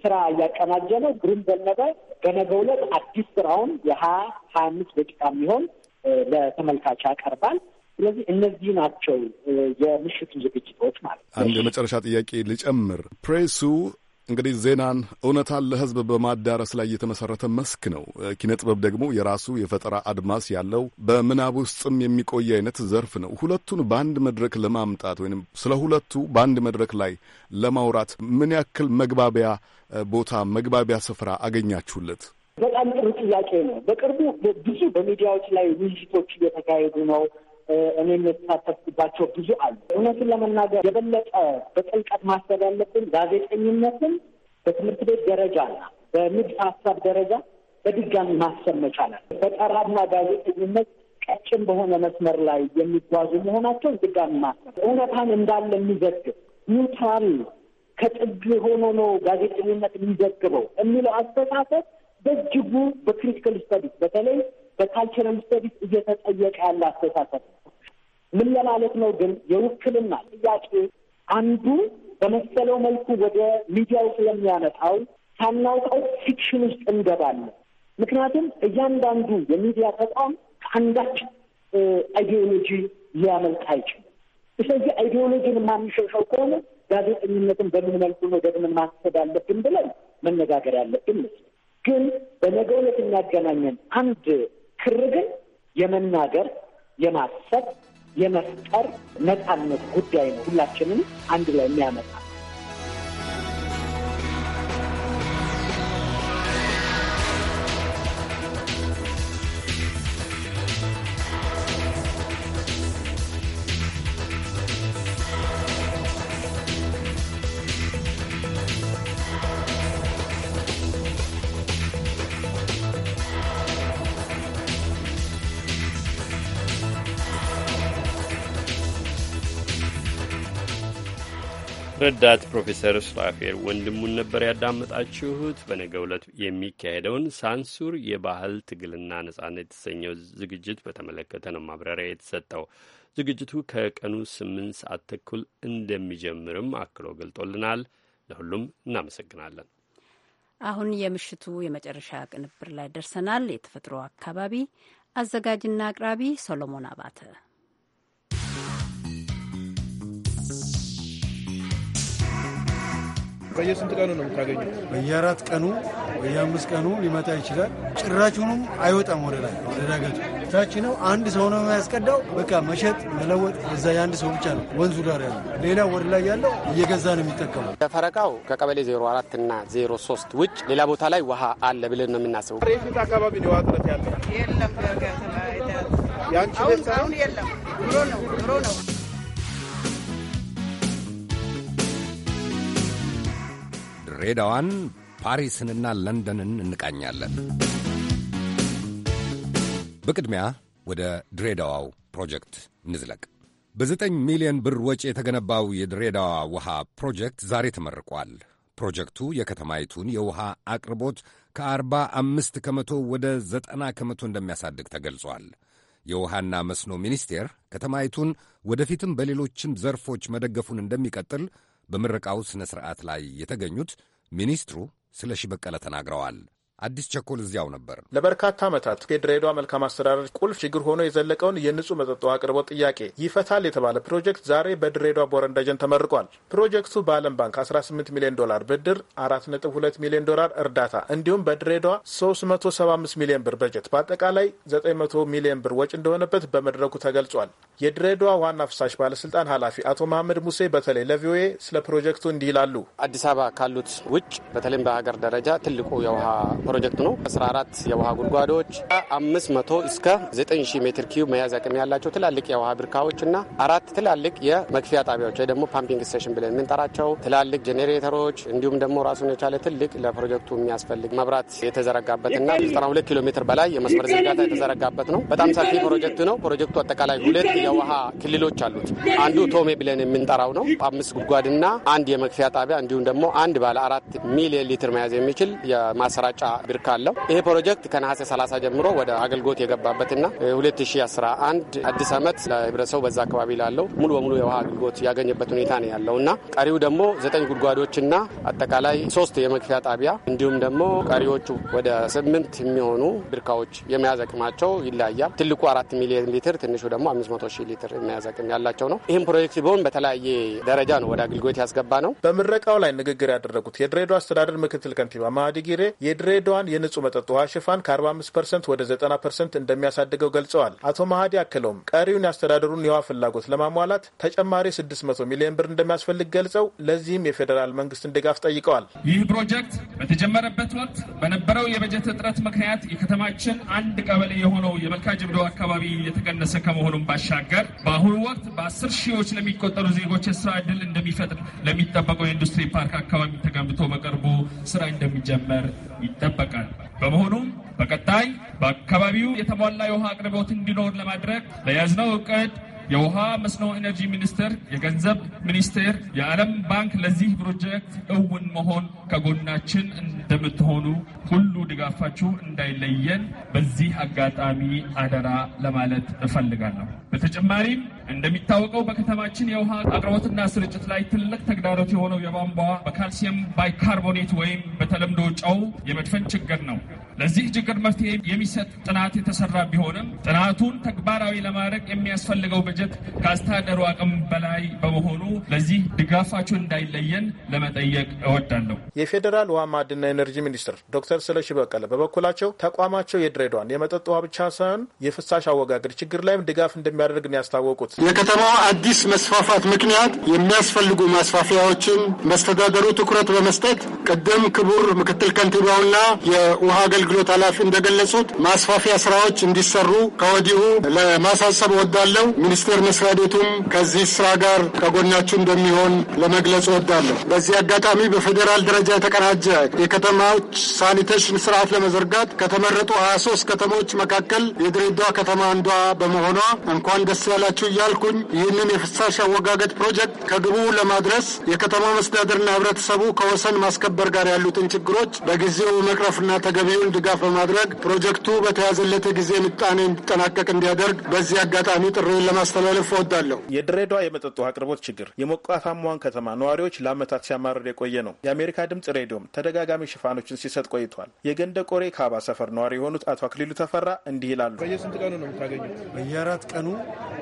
ስራ እያቀናጀ ነው። ግሩም ዘነበ በነገ ዕለት አዲስ ስራውን የሀያ ሀያ አምስት ደቂቃ የሚሆን ለተመልካች ያቀርባል። ስለዚህ እነዚህ ናቸው የምሽቱ ዝግጅቶች ማለት ነው። አንድ የመጨረሻ ጥያቄ ልጨምር። ፕሬሱ እንግዲህ ዜናን፣ እውነታን ለህዝብ በማዳረስ ላይ የተመሰረተ መስክ ነው። ኪነጥበብ ደግሞ የራሱ የፈጠራ አድማስ ያለው በምናብ ውስጥም የሚቆይ አይነት ዘርፍ ነው። ሁለቱን በአንድ መድረክ ለማምጣት ወይም ስለ ሁለቱ በአንድ መድረክ ላይ ለማውራት ምን ያክል መግባቢያ ቦታ መግባቢያ ስፍራ አገኛችሁለት? በጣም ጥሩ ጥያቄ ነው። በቅርቡ ብዙ በሚዲያዎች ላይ ውይይቶች እየተካሄዱ ነው። እኔም የተሳተፍኩባቸው ብዙ አሉ። እውነቱን ለመናገር የበለጠ በጥልቀት ማሰብ ያለብን ጋዜጠኝነትን በትምህርት ቤት ደረጃና በንድፈ ሀሳብ ደረጃ በድጋሚ ማሰብ መቻላል። ፈጠራና ጋዜጠኝነት ቀጭን በሆነ መስመር ላይ የሚጓዙ መሆናቸውን ድጋሚ ማሰብ፣ እውነታን እንዳለ የሚዘግብ ኒውትራል ከጥግ ሆኖ ነው ጋዜጠኝነት የሚዘግበው የሚለው አስተሳሰብ በእጅጉ በክሪቲካል ስተዲስ በተለይ በካልቸራል ስተዲስ እየተጠየቀ ያለ አስተሳሰብ ነው። ምን ለማለት ነው ግን የውክልና ጥያቄ አንዱ በመሰለው መልኩ ወደ ሚዲያው ስለሚያመጣው ሳናውቀው ፊክሽን ውስጥ እንገባለን። ምክንያቱም እያንዳንዱ የሚዲያ ተቋም ከአንዳች አይዲዮሎጂ ሊያመልጥ አይችልም። ስለዚህ አይዲዮሎጂን የማንሸሸው ከሆነ ጋዜጠኝነትን በምን መልኩ ነው ደግመን ማሰብ ያለብን ብለን መነጋገር ያለብን ምስል ግን በነገ ዕለት የሚያገናኘን አንድ ክር ግን የመናገር የማሰብ የመፍጠር ነፃነት ጉዳይ ነው ሁላችንም አንድ ላይ የሚያመጣ ረዳት ፕሮፌሰር ሱራፌል ወንድሙን ነበር ያዳመጣችሁት። በነገ ዕለት የሚካሄደውን ሳንሱር የባህል ትግልና ነጻነት የተሰኘው ዝግጅት በተመለከተ ነው ማብራሪያ የተሰጠው። ዝግጅቱ ከቀኑ ስምንት ሰዓት ተኩል እንደሚጀምርም አክሎ ገልጦልናል። ለሁሉም እናመሰግናለን። አሁን የምሽቱ የመጨረሻ ቅንብር ላይ ደርሰናል። የተፈጥሮ አካባቢ አዘጋጅና አቅራቢ ሶሎሞን አባተ በየስንት ቀኑ ነው የምታገኙ? በየአራት ቀኑ በየአምስት ቀኑ ሊመጣ ይችላል። ጭራችሁንም አይወጣም ወደ ላይ ወደ ዳገቱ ታች ነው። አንድ ሰው ነው የሚያስቀዳው። በቃ መሸጥ መለወጥ እዛ የአንድ ሰው ብቻ ነው ወንዙ ዳር ያለ፣ ሌላ ወደ ላይ ያለው እየገዛ ነው የሚጠቀሙ። ፈረቃው ከቀበሌ 04 እና 03 ውጭ ሌላ ቦታ ላይ ውሃ አለ ብለን ነው የምናስበው። ሬፊት አካባቢ ነው ዋጥረት ያለ የለም። ያንቺ ነው ነው ነው ድሬዳዋን፣ ፓሪስንና ለንደንን እንቃኛለን። በቅድሚያ ወደ ድሬዳዋው ፕሮጀክት እንዝለቅ። በዘጠኝ ሚሊዮን ብር ወጪ የተገነባው የድሬዳዋ ውሃ ፕሮጀክት ዛሬ ተመርቋል። ፕሮጀክቱ የከተማይቱን የውሃ አቅርቦት ከአርባ አምስት ከመቶ ወደ ዘጠና ከመቶ እንደሚያሳድግ ተገልጿል። የውሃና መስኖ ሚኒስቴር ከተማይቱን ወደፊትም በሌሎችም ዘርፎች መደገፉን እንደሚቀጥል በምረቃው ሥነ ሥርዓት ላይ የተገኙት ሚኒስትሩ ስለሺ በቀለ ተናግረዋል። አዲስ ቸኮል እዚያው ነበር። ለበርካታ ዓመታት የድሬዳዋ መልካም አስተዳደር ቁልፍ ችግር ሆኖ የዘለቀውን የንጹህ መጠጥ ውሃ አቅርቦት ጥያቄ ይፈታል የተባለ ፕሮጀክት ዛሬ በድሬዳዋ ቦረንዳጀን ተመርቋል። ፕሮጀክቱ በዓለም ባንክ 18 ሚሊዮን ዶላር ብድር፣ 4.2 ሚሊዮን ዶላር እርዳታ እንዲሁም በድሬዳዋ 375 ሚሊዮን ብር በጀት በአጠቃላይ 900 ሚሊዮን ብር ወጪ እንደሆነበት በመድረኩ ተገልጿል። የድሬዳዋ ዋና ፍሳሽ ባለስልጣን ኃላፊ አቶ መሐመድ ሙሴ በተለይ ለቪኦኤ ስለ ፕሮጀክቱ እንዲህ ይላሉ። አዲስ አበባ ካሉት ውጭ በተለይም በሀገር ደረጃ ትልቁ የውሃ ፕሮጀክት ነው። 14 የውሃ ጉድጓዶች 500 እስከ 9000 ሜትር ኪዩ መያዝ አቅም ያላቸው ትላልቅ የውሃ ብርካዎች እና አራት ትላልቅ የመክፊያ ጣቢያዎች ወይ ደግሞ ፓምፒንግ ስቴሽን ብለን የምንጠራቸው ትላልቅ ጄኔሬተሮች እንዲሁም ደግሞ ራሱን የቻለ ትልቅ ለፕሮጀክቱ የሚያስፈልግ መብራት የተዘረጋበት እና 92 ኪሎ ሜትር በላይ የመስመር ዝርጋታ የተዘረጋበት ነው። በጣም ሰፊ ፕሮጀክት ነው። ፕሮጀክቱ አጠቃላይ ሁለት የውሃ ክልሎች አሉት። አንዱ ቶሜ ብለን የምንጠራው ነው። አምስት ጉድጓድና አንድ የመክፊያ ጣቢያ እንዲሁም ደግሞ አንድ ባለ አራት ሚሊዮን ሊትር መያዝ የሚችል የማሰራጫ ብር ካለው ይሄ ፕሮጀክት ከነሐሴ 30 ጀምሮ ወደ አገልግሎት የገባበትና 2011 አዲስ ዓመት ለህብረተሰቡ በዛ አካባቢ ላለው ሙሉ በሙሉ የውሃ አገልግሎት ያገኘበት ሁኔታ ነው ያለው እና ቀሪው ደግሞ ዘጠኝ ጉድጓዶችና አጠቃላይ ሶስት የመክፊያ ጣቢያ እንዲሁም ደግሞ ቀሪዎቹ ወደ ስምንት የሚሆኑ ብርካዎች የመያዝ አቅማቸው ይለያያል። ትልቁ አራት ሚሊዮን ሊትር ትንሹ ደግሞ አምስት መቶ ሺህ ሊትር የመያዝ አቅም ያላቸው ነው። ይህም ፕሮጀክት ቢሆን በተለያየ ደረጃ ነው ወደ አገልግሎት ያስገባ ነው። በምረቃው ላይ ንግግር ያደረጉት የድሬዳዋ አስተዳደር ምክትል ከንቲባ ማዲጊሬ ጊሬ የድሬዳዋን የንጹህ መጠጥ ውሃ ሽፋን ከ45 ፐርሰንት ወደ 90 ፐርሰንት እንደሚያሳድገው ገልጸዋል። አቶ ማሀዲ አክለውም ቀሪውን የአስተዳደሩን የውሃ ፍላጎት ለማሟላት ተጨማሪ 600 ሚሊዮን ብር እንደሚያስፈልግ ገልጸው ለዚህም የፌዴራል መንግስትን ድጋፍ ጠይቀዋል። ይህ ፕሮጀክት በተጀመረበት ወቅት በነበረው የበጀት እጥረት ምክንያት የከተማችን አንድ ቀበሌ የሆነው የመልካ ጅብዶ አካባቢ እየተቀነሰ ከመሆኑም ባሻገር በአሁኑ ወቅት በአስር ሺዎች ለሚቆጠሩ ዜጎች የስራ እድል እንደሚፈጥር ለሚጠበቀው የኢንዱስትሪ ፓርክ አካባቢ ተገንብቶ በቅርቡ ስራ እንደሚጀመር ይጠበቃል። ይጠበቃል። በመሆኑም በቀጣይ በአካባቢው የተሟላ የውሃ አቅርቦት እንዲኖር ለማድረግ ለያዝነው እቅድ የውሃ መስኖ ኢነርጂ ሚኒስቴር፣ የገንዘብ ሚኒስቴር፣ የዓለም ባንክ ለዚህ ፕሮጀክት እውን መሆን ከጎናችን እንደምትሆኑ ሁሉ ድጋፋችሁ እንዳይለየን በዚህ አጋጣሚ አደራ ለማለት እፈልጋለሁ። በተጨማሪም እንደሚታወቀው በከተማችን የውሃ አቅርቦትና ስርጭት ላይ ትልቅ ተግዳሮት የሆነው የቧንቧ በካልሲየም ባይካርቦኔት ወይም በተለምዶ ጨው የመድፈን ችግር ነው። ለዚህ ችግር መፍትሄ የሚሰጥ ጥናት የተሰራ ቢሆንም ጥናቱን ተግባራዊ ለማድረግ የሚያስፈልገው በጀት ከአስተዳደሩ አቅም በላይ በመሆኑ ለዚህ ድጋፋቸው እንዳይለየን ለመጠየቅ እወዳለሁ። የፌዴራል ውሃ ማዕድንና ኤነርጂ ሚኒስትር ዶክተር ስለሺ በቀለ በበኩላቸው ተቋማቸው የድሬዳዋን የመጠጥ ውሃ ብቻ ሳይሆን የፍሳሽ አወጋገድ ችግር ላይም ድጋፍ እንደሚያደርግ ነው ያስታወቁት። የከተማዋ አዲስ መስፋፋት ምክንያት የሚያስፈልጉ ማስፋፊያዎችን መስተዳደሩ ትኩረት በመስጠት ቅድም ክቡር ምክትል ከንቲባውና የውሃ አገልግሎ አገልግሎት ኃላፊ እንደገለጹት ማስፋፊያ ስራዎች እንዲሰሩ ከወዲሁ ለማሳሰብ ወዳለው ሚኒስቴር መስሪያ ቤቱም ከዚህ ስራ ጋር ከጎናችሁ እንደሚሆን ለመግለጽ ወዳለሁ። በዚህ አጋጣሚ በፌዴራል ደረጃ የተቀናጀ የከተማዎች ሳኒቴሽን ስርዓት ለመዘርጋት ከተመረጡ 23 ከተሞች መካከል የድሬዳዋ ከተማ አንዷ በመሆኗ እንኳን ደስ ያላችሁ እያልኩኝ ይህንን የፍሳሽ አወጋገድ ፕሮጀክት ከግቡ ለማድረስ የከተማ መስተዳደርና ህብረተሰቡ ከወሰን ማስከበር ጋር ያሉትን ችግሮች በጊዜው መቅረፍና ተገቢውን ድጋፍ በማድረግ ፕሮጀክቱ በተያዘለት ጊዜ ምጣኔ እንዲጠናቀቅ እንዲያደርግ በዚህ አጋጣሚ ጥሪን ለማስተላለፍ እወዳለሁ። የድሬዳዋ የመጠጥ ውሃ አቅርቦት ችግር የሞቃታማዋን ከተማ ነዋሪዎች ለዓመታት ሲያማርር የቆየ ነው። የአሜሪካ ድምጽ ሬዲዮም ተደጋጋሚ ሽፋኖችን ሲሰጥ ቆይቷል። የገንደ ቆሬ ካባ ሰፈር ነዋሪ የሆኑት አቶ አክሊሉ ተፈራ እንዲህ ይላሉ። በየስንት ቀኑ ነው የምታገኙት? በየአራት ቀኑ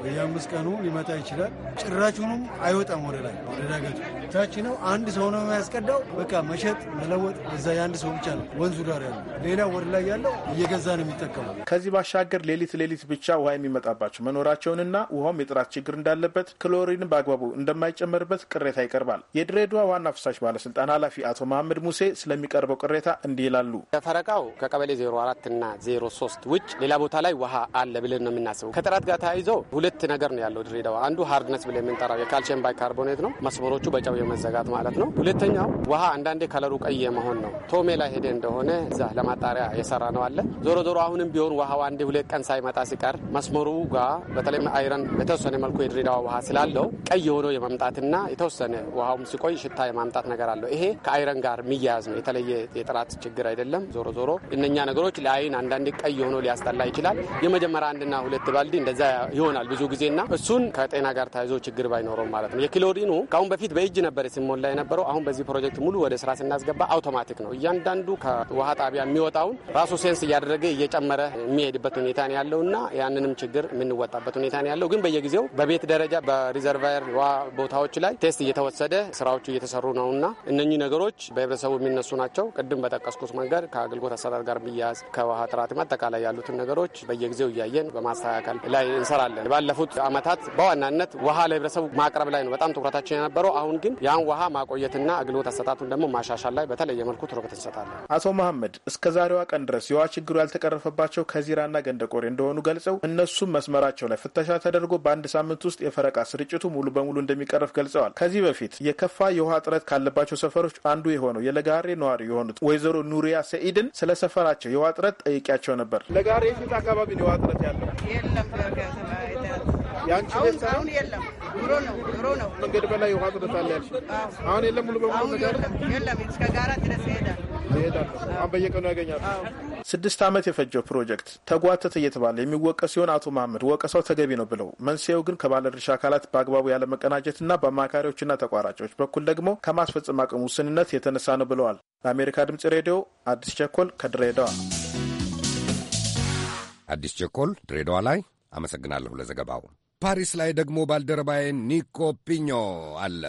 በየአምስት ቀኑ ሊመጣ ይችላል። ጭራችሁንም አይወጣም። ወደ ላይ ወደ ዳገቱ ታች ነው። አንድ ሰው ነው የሚያስቀዳው። በቃ መሸጥ መለወጥ እዛ የአንድ ሰው ብቻ ነው ወንዙ ዳር ያለ ሌላ ወር ላይ ያለው እየገዛ ነው የሚጠቀመው። ከዚህ ባሻገር ሌሊት ሌሊት ብቻ ውሃ የሚመጣባቸው መኖራቸውንና ውሃውም የጥራት ችግር እንዳለበት፣ ክሎሪን በአግባቡ እንደማይጨመርበት ቅሬታ ይቀርባል። የድሬዳዋ ዋና ፍሳሽ ባለስልጣን ኃላፊ አቶ መሀመድ ሙሴ ስለሚቀርበው ቅሬታ እንዲህ ይላሉ። ተፈረቃው ከቀበሌ 04 እና 03 ውጭ ሌላ ቦታ ላይ ውሃ አለ ብለን ነው የምናስበው። ከጥራት ጋር ተያይዞ ሁለት ነገር ነው ያለው ድሬዳዋ። አንዱ ሃርድነስ ብለን የምንጠራው የካልሽየም ባይካርቦኔት ነው፣ መስመሮቹ በጨው የመዘጋት ማለት ነው። ሁለተኛው ውሃ አንዳንዴ ከለሩ ቀይ የመሆን ነው። ቶሜላ ሄደ እንደሆነ እዛ ለማጣ ማጣሪያ የሰራ ነው አለ። ዞሮ ዞሮ አሁንም ቢሆን ውሃው አንድ ሁለት ቀን ሳይመጣ ሲቀር መስመሩ ጋር በተለይ አይረን በተወሰነ መልኩ የድሬዳዋ ውሃ ስላለው ቀይ የሆነው የማምጣትና የተወሰነ ውሃውም ሲቆይ ሽታ የማምጣት ነገር አለው። ይሄ ከአይረን ጋር የሚያያዝ ነው። የተለየ የጥራት ችግር አይደለም። ዞሮ ዞሮ እነኛ ነገሮች ለአይን አንዳንድ ቀይ የሆነው ሊያስጠላ ይችላል። የመጀመሪያ አንድና ሁለት ባልዲ እንደዛ ይሆናል ብዙ ጊዜና እሱን ከጤና ጋር ተያይዞ ችግር ባይኖረው ማለት ነው። የክሎሪኑ ከአሁን በፊት በእጅ ነበር ሲሞላ የነበረው። አሁን በዚህ ፕሮጀክት ሙሉ ወደ ስራ ስናስገባ አውቶማቲክ ነው። እያንዳንዱ ከውሃ ጣቢያ የሚወጣ የሚወጣውን ራሱ ሴንስ እያደረገ እየጨመረ የሚሄድበት ሁኔታ ነው ያለው እና ያንንም ችግር የምንወጣበት ሁኔታ ነው ያለው። ግን በየጊዜው በቤት ደረጃ በሪዘርቫየር ዋ ቦታዎች ላይ ቴስት እየተወሰደ ስራዎቹ እየተሰሩ ነው እና እነኚህ ነገሮች በህብረተሰቡ የሚነሱ ናቸው። ቅድም በጠቀስኩት መንገድ ከአገልግሎት አሰራር ጋር ብያያዝ ከውሃ ጥራትም አጠቃላይ ያሉትን ነገሮች በየጊዜው እያየን በማስተካከል ላይ እንሰራለን። ባለፉት አመታት በዋናነት ውሃ ለህብረተሰቡ ማቅረብ ላይ ነው በጣም ትኩረታችን የነበረው። አሁን ግን ያን ውሃ ማቆየትና አገልግሎት አሰጣቱን ደግሞ ማሻሻል ላይ በተለየ መልኩ ትኩረት እንሰጣለን። አቶ መሐመድ እስከዛ የዛሬዋ ቀን ድረስ የውሃ ችግሩ ያልተቀረፈባቸው ከዚራና ገንደቆሬ እንደሆኑ ገልጸው እነሱም መስመራቸው ላይ ፍተሻ ተደርጎ በአንድ ሳምንት ውስጥ የፈረቃ ስርጭቱ ሙሉ በሙሉ እንደሚቀረፍ ገልጸዋል። ከዚህ በፊት የከፋ የውሃ እጥረት ካለባቸው ሰፈሮች አንዱ የሆነው የለጋሬ ነዋሪ የሆኑት ወይዘሮ ኑሪያ ሰኢድን ስለ ሰፈራቸው የውሃ እጥረት ጠይቂያቸው ነበር። ለጋሬ ፊት አካባቢ ነው የውሃ እጥረት ያለው ቤት አሁን የለም። ድሮ ነው ድሮ ነው። መንገድ በላይ ውሃ ጥረት ያልሽ አሁን የለም። ሙሉ በሙሉ የለም። እስከ ጋራ ድረስ ይሄዳል ይሄዳል። አሁን በየቀኑ ያገኛሉ። ስድስት ዓመት የፈጀው ፕሮጀክት ተጓተተ እየተባለ የሚወቀስ ሲሆን አቶ መሀመድ ወቀሳው ተገቢ ነው ብለው መንስኤው ግን ከባለድርሻ አካላት በአግባቡ ያለመቀናጀትና በአማካሪዎችና ተቋራጮች በኩል ደግሞ ከማስፈጸም አቅም ውስንነት የተነሳ ነው ብለዋል። ለአሜሪካ ድምጽ ሬዲዮ አዲስ ቸኮል ከድሬዳዋ። አዲስ ቸኮል ድሬዳዋ ላይ አመሰግናለሁ ለዘገባው። ፓሪስ ላይ ደግሞ ባልደረባዬ ኒኮ ፒኞ አለ።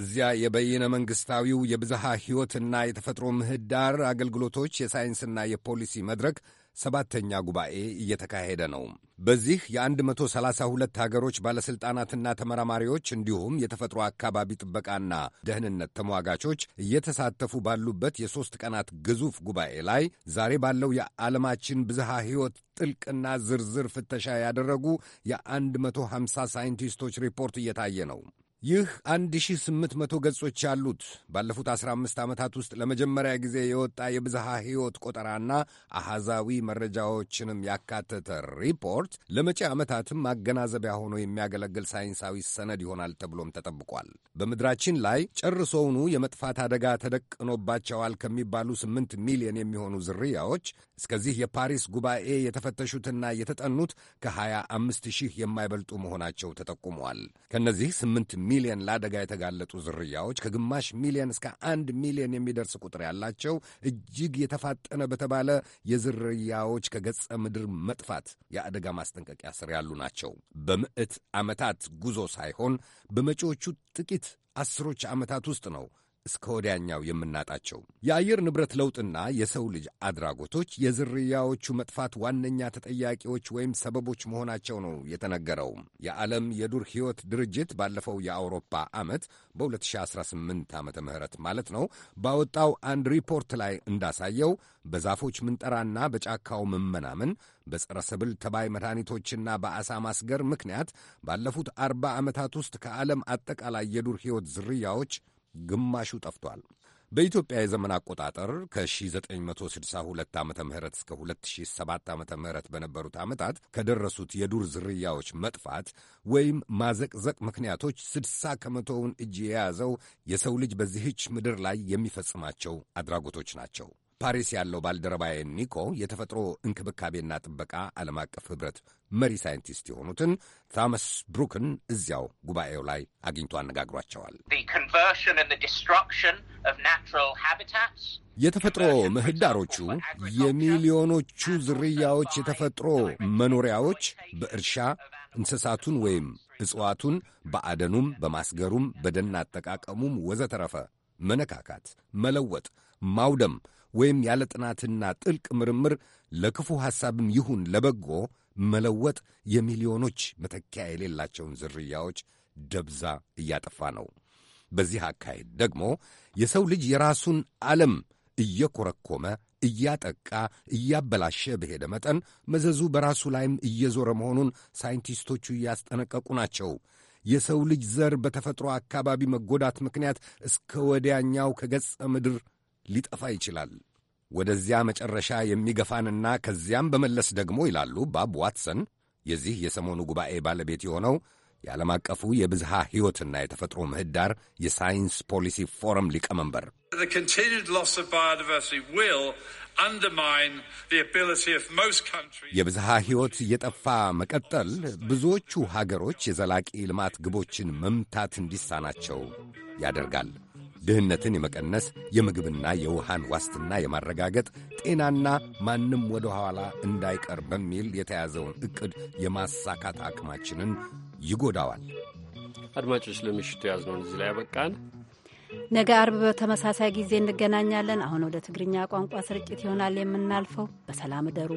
እዚያ የበይነ መንግሥታዊው የብዝሃ ሕይወትና የተፈጥሮ ምህዳር አገልግሎቶች የሳይንስና የፖሊሲ መድረክ ሰባተኛ ጉባኤ እየተካሄደ ነው። በዚህ የ132 ሀገሮች ባለሥልጣናትና ተመራማሪዎች እንዲሁም የተፈጥሮ አካባቢ ጥበቃና ደህንነት ተሟጋቾች እየተሳተፉ ባሉበት የሦስት ቀናት ግዙፍ ጉባኤ ላይ ዛሬ ባለው የዓለማችን ብዝሃ ሕይወት ጥልቅና ዝርዝር ፍተሻ ያደረጉ የ150 ሳይንቲስቶች ሪፖርት እየታየ ነው። ይህ 1800 ገጾች ያሉት ባለፉት 15 ዓመታት ውስጥ ለመጀመሪያ ጊዜ የወጣ የብዝሃ ሕይወት ቆጠራና አሃዛዊ መረጃዎችንም ያካተተ ሪፖርት ለመጪ ዓመታትም ማገናዘቢያ ሆኖ የሚያገለግል ሳይንሳዊ ሰነድ ይሆናል ተብሎም ተጠብቋል። በምድራችን ላይ ጨርሶውኑ የመጥፋት አደጋ ተደቅኖባቸዋል ከሚባሉ 8 ሚሊዮን የሚሆኑ ዝርያዎች እስከዚህ የፓሪስ ጉባኤ የተፈተሹትና የተጠኑት ከ25 ሺህ የማይበልጡ መሆናቸው ተጠቁመዋል። ከእነዚህ 8 ሚሊየን ለአደጋ የተጋለጡ ዝርያዎች፣ ከግማሽ ሚሊየን እስከ አንድ ሚሊየን የሚደርስ ቁጥር ያላቸው እጅግ የተፋጠነ በተባለ የዝርያዎች ከገጸ ምድር መጥፋት የአደጋ ማስጠንቀቂያ ስር ያሉ ናቸው። በምዕት ዓመታት ጉዞ ሳይሆን በመጪዎቹ ጥቂት አስሮች ዓመታት ውስጥ ነው እስከ ወዲያኛው የምናጣቸው። የአየር ንብረት ለውጥና የሰው ልጅ አድራጎቶች የዝርያዎቹ መጥፋት ዋነኛ ተጠያቂዎች ወይም ሰበቦች መሆናቸው ነው የተነገረው። የዓለም የዱር ሕይወት ድርጅት ባለፈው የአውሮፓ ዓመት በ2018 ዓመተ ምህረት ማለት ነው ባወጣው አንድ ሪፖርት ላይ እንዳሳየው በዛፎች ምንጠራና በጫካው መመናመን በጸረ ሰብል ተባይ መድኃኒቶችና በአሳ ማስገር ምክንያት ባለፉት አርባ ዓመታት ውስጥ ከዓለም አጠቃላይ የዱር ሕይወት ዝርያዎች ግማሹ ጠፍቷል። በኢትዮጵያ የዘመን አቆጣጠር ከ1962 ዓ ም እስከ 2007 ዓ ም በነበሩት ዓመታት ከደረሱት የዱር ዝርያዎች መጥፋት ወይም ማዘቅዘቅ ምክንያቶች 60 ከመቶውን እጅ የያዘው የሰው ልጅ በዚህች ምድር ላይ የሚፈጽማቸው አድራጎቶች ናቸው። ፓሪስ ያለው ባልደረባዬ ኒኮ የተፈጥሮ እንክብካቤና ጥበቃ ዓለም አቀፍ ኅብረት መሪ ሳይንቲስት የሆኑትን ታመስ ብሩክን እዚያው ጉባኤው ላይ አግኝቶ አነጋግሯቸዋል። የተፈጥሮ ምህዳሮቹ የሚሊዮኖቹ ዝርያዎች የተፈጥሮ መኖሪያዎች በእርሻ እንስሳቱን ወይም እጽዋቱን በአደኑም በማስገሩም በደን አጠቃቀሙም ወዘተረፈ መነካካት፣ መለወጥ፣ ማውደም ወይም ያለ ጥናትና ጥልቅ ምርምር ለክፉ ሐሳብም ይሁን ለበጎ መለወጥ የሚሊዮኖች መተኪያ የሌላቸውን ዝርያዎች ደብዛ እያጠፋ ነው። በዚህ አካሄድ ደግሞ የሰው ልጅ የራሱን ዓለም እየኮረኮመ እያጠቃ እያበላሸ በሄደ መጠን መዘዙ በራሱ ላይም እየዞረ መሆኑን ሳይንቲስቶቹ እያስጠነቀቁ ናቸው። የሰው ልጅ ዘር በተፈጥሮ አካባቢ መጎዳት ምክንያት እስከ ወዲያኛው ከገጸ ምድር ሊጠፋ ይችላል። ወደዚያ መጨረሻ የሚገፋንና ከዚያም በመለስ ደግሞ ይላሉ ባብ ዋትሰን የዚህ የሰሞኑ ጉባኤ ባለቤት የሆነው የዓለም አቀፉ የብዝሃ ሕይወትና የተፈጥሮ ምህዳር የሳይንስ ፖሊሲ ፎረም ሊቀመንበር የብዝሃ ሕይወት እየጠፋ መቀጠል ብዙዎቹ ሀገሮች የዘላቂ ልማት ግቦችን መምታት እንዲሳናቸው ያደርጋል። ድህነትን የመቀነስ የምግብና የውሃን ዋስትና የማረጋገጥ ጤናና ማንም ወደ ኋላ እንዳይቀር በሚል የተያዘውን ዕቅድ የማሳካት አቅማችንን ይጎዳዋል። አድማጮች፣ ለምሽቱ ያዝነውን እዚህ ላይ ያበቃን። ነገ አርብ በተመሳሳይ ጊዜ እንገናኛለን። አሁን ወደ ትግርኛ ቋንቋ ስርጭት ይሆናል የምናልፈው። በሰላም እደሩ።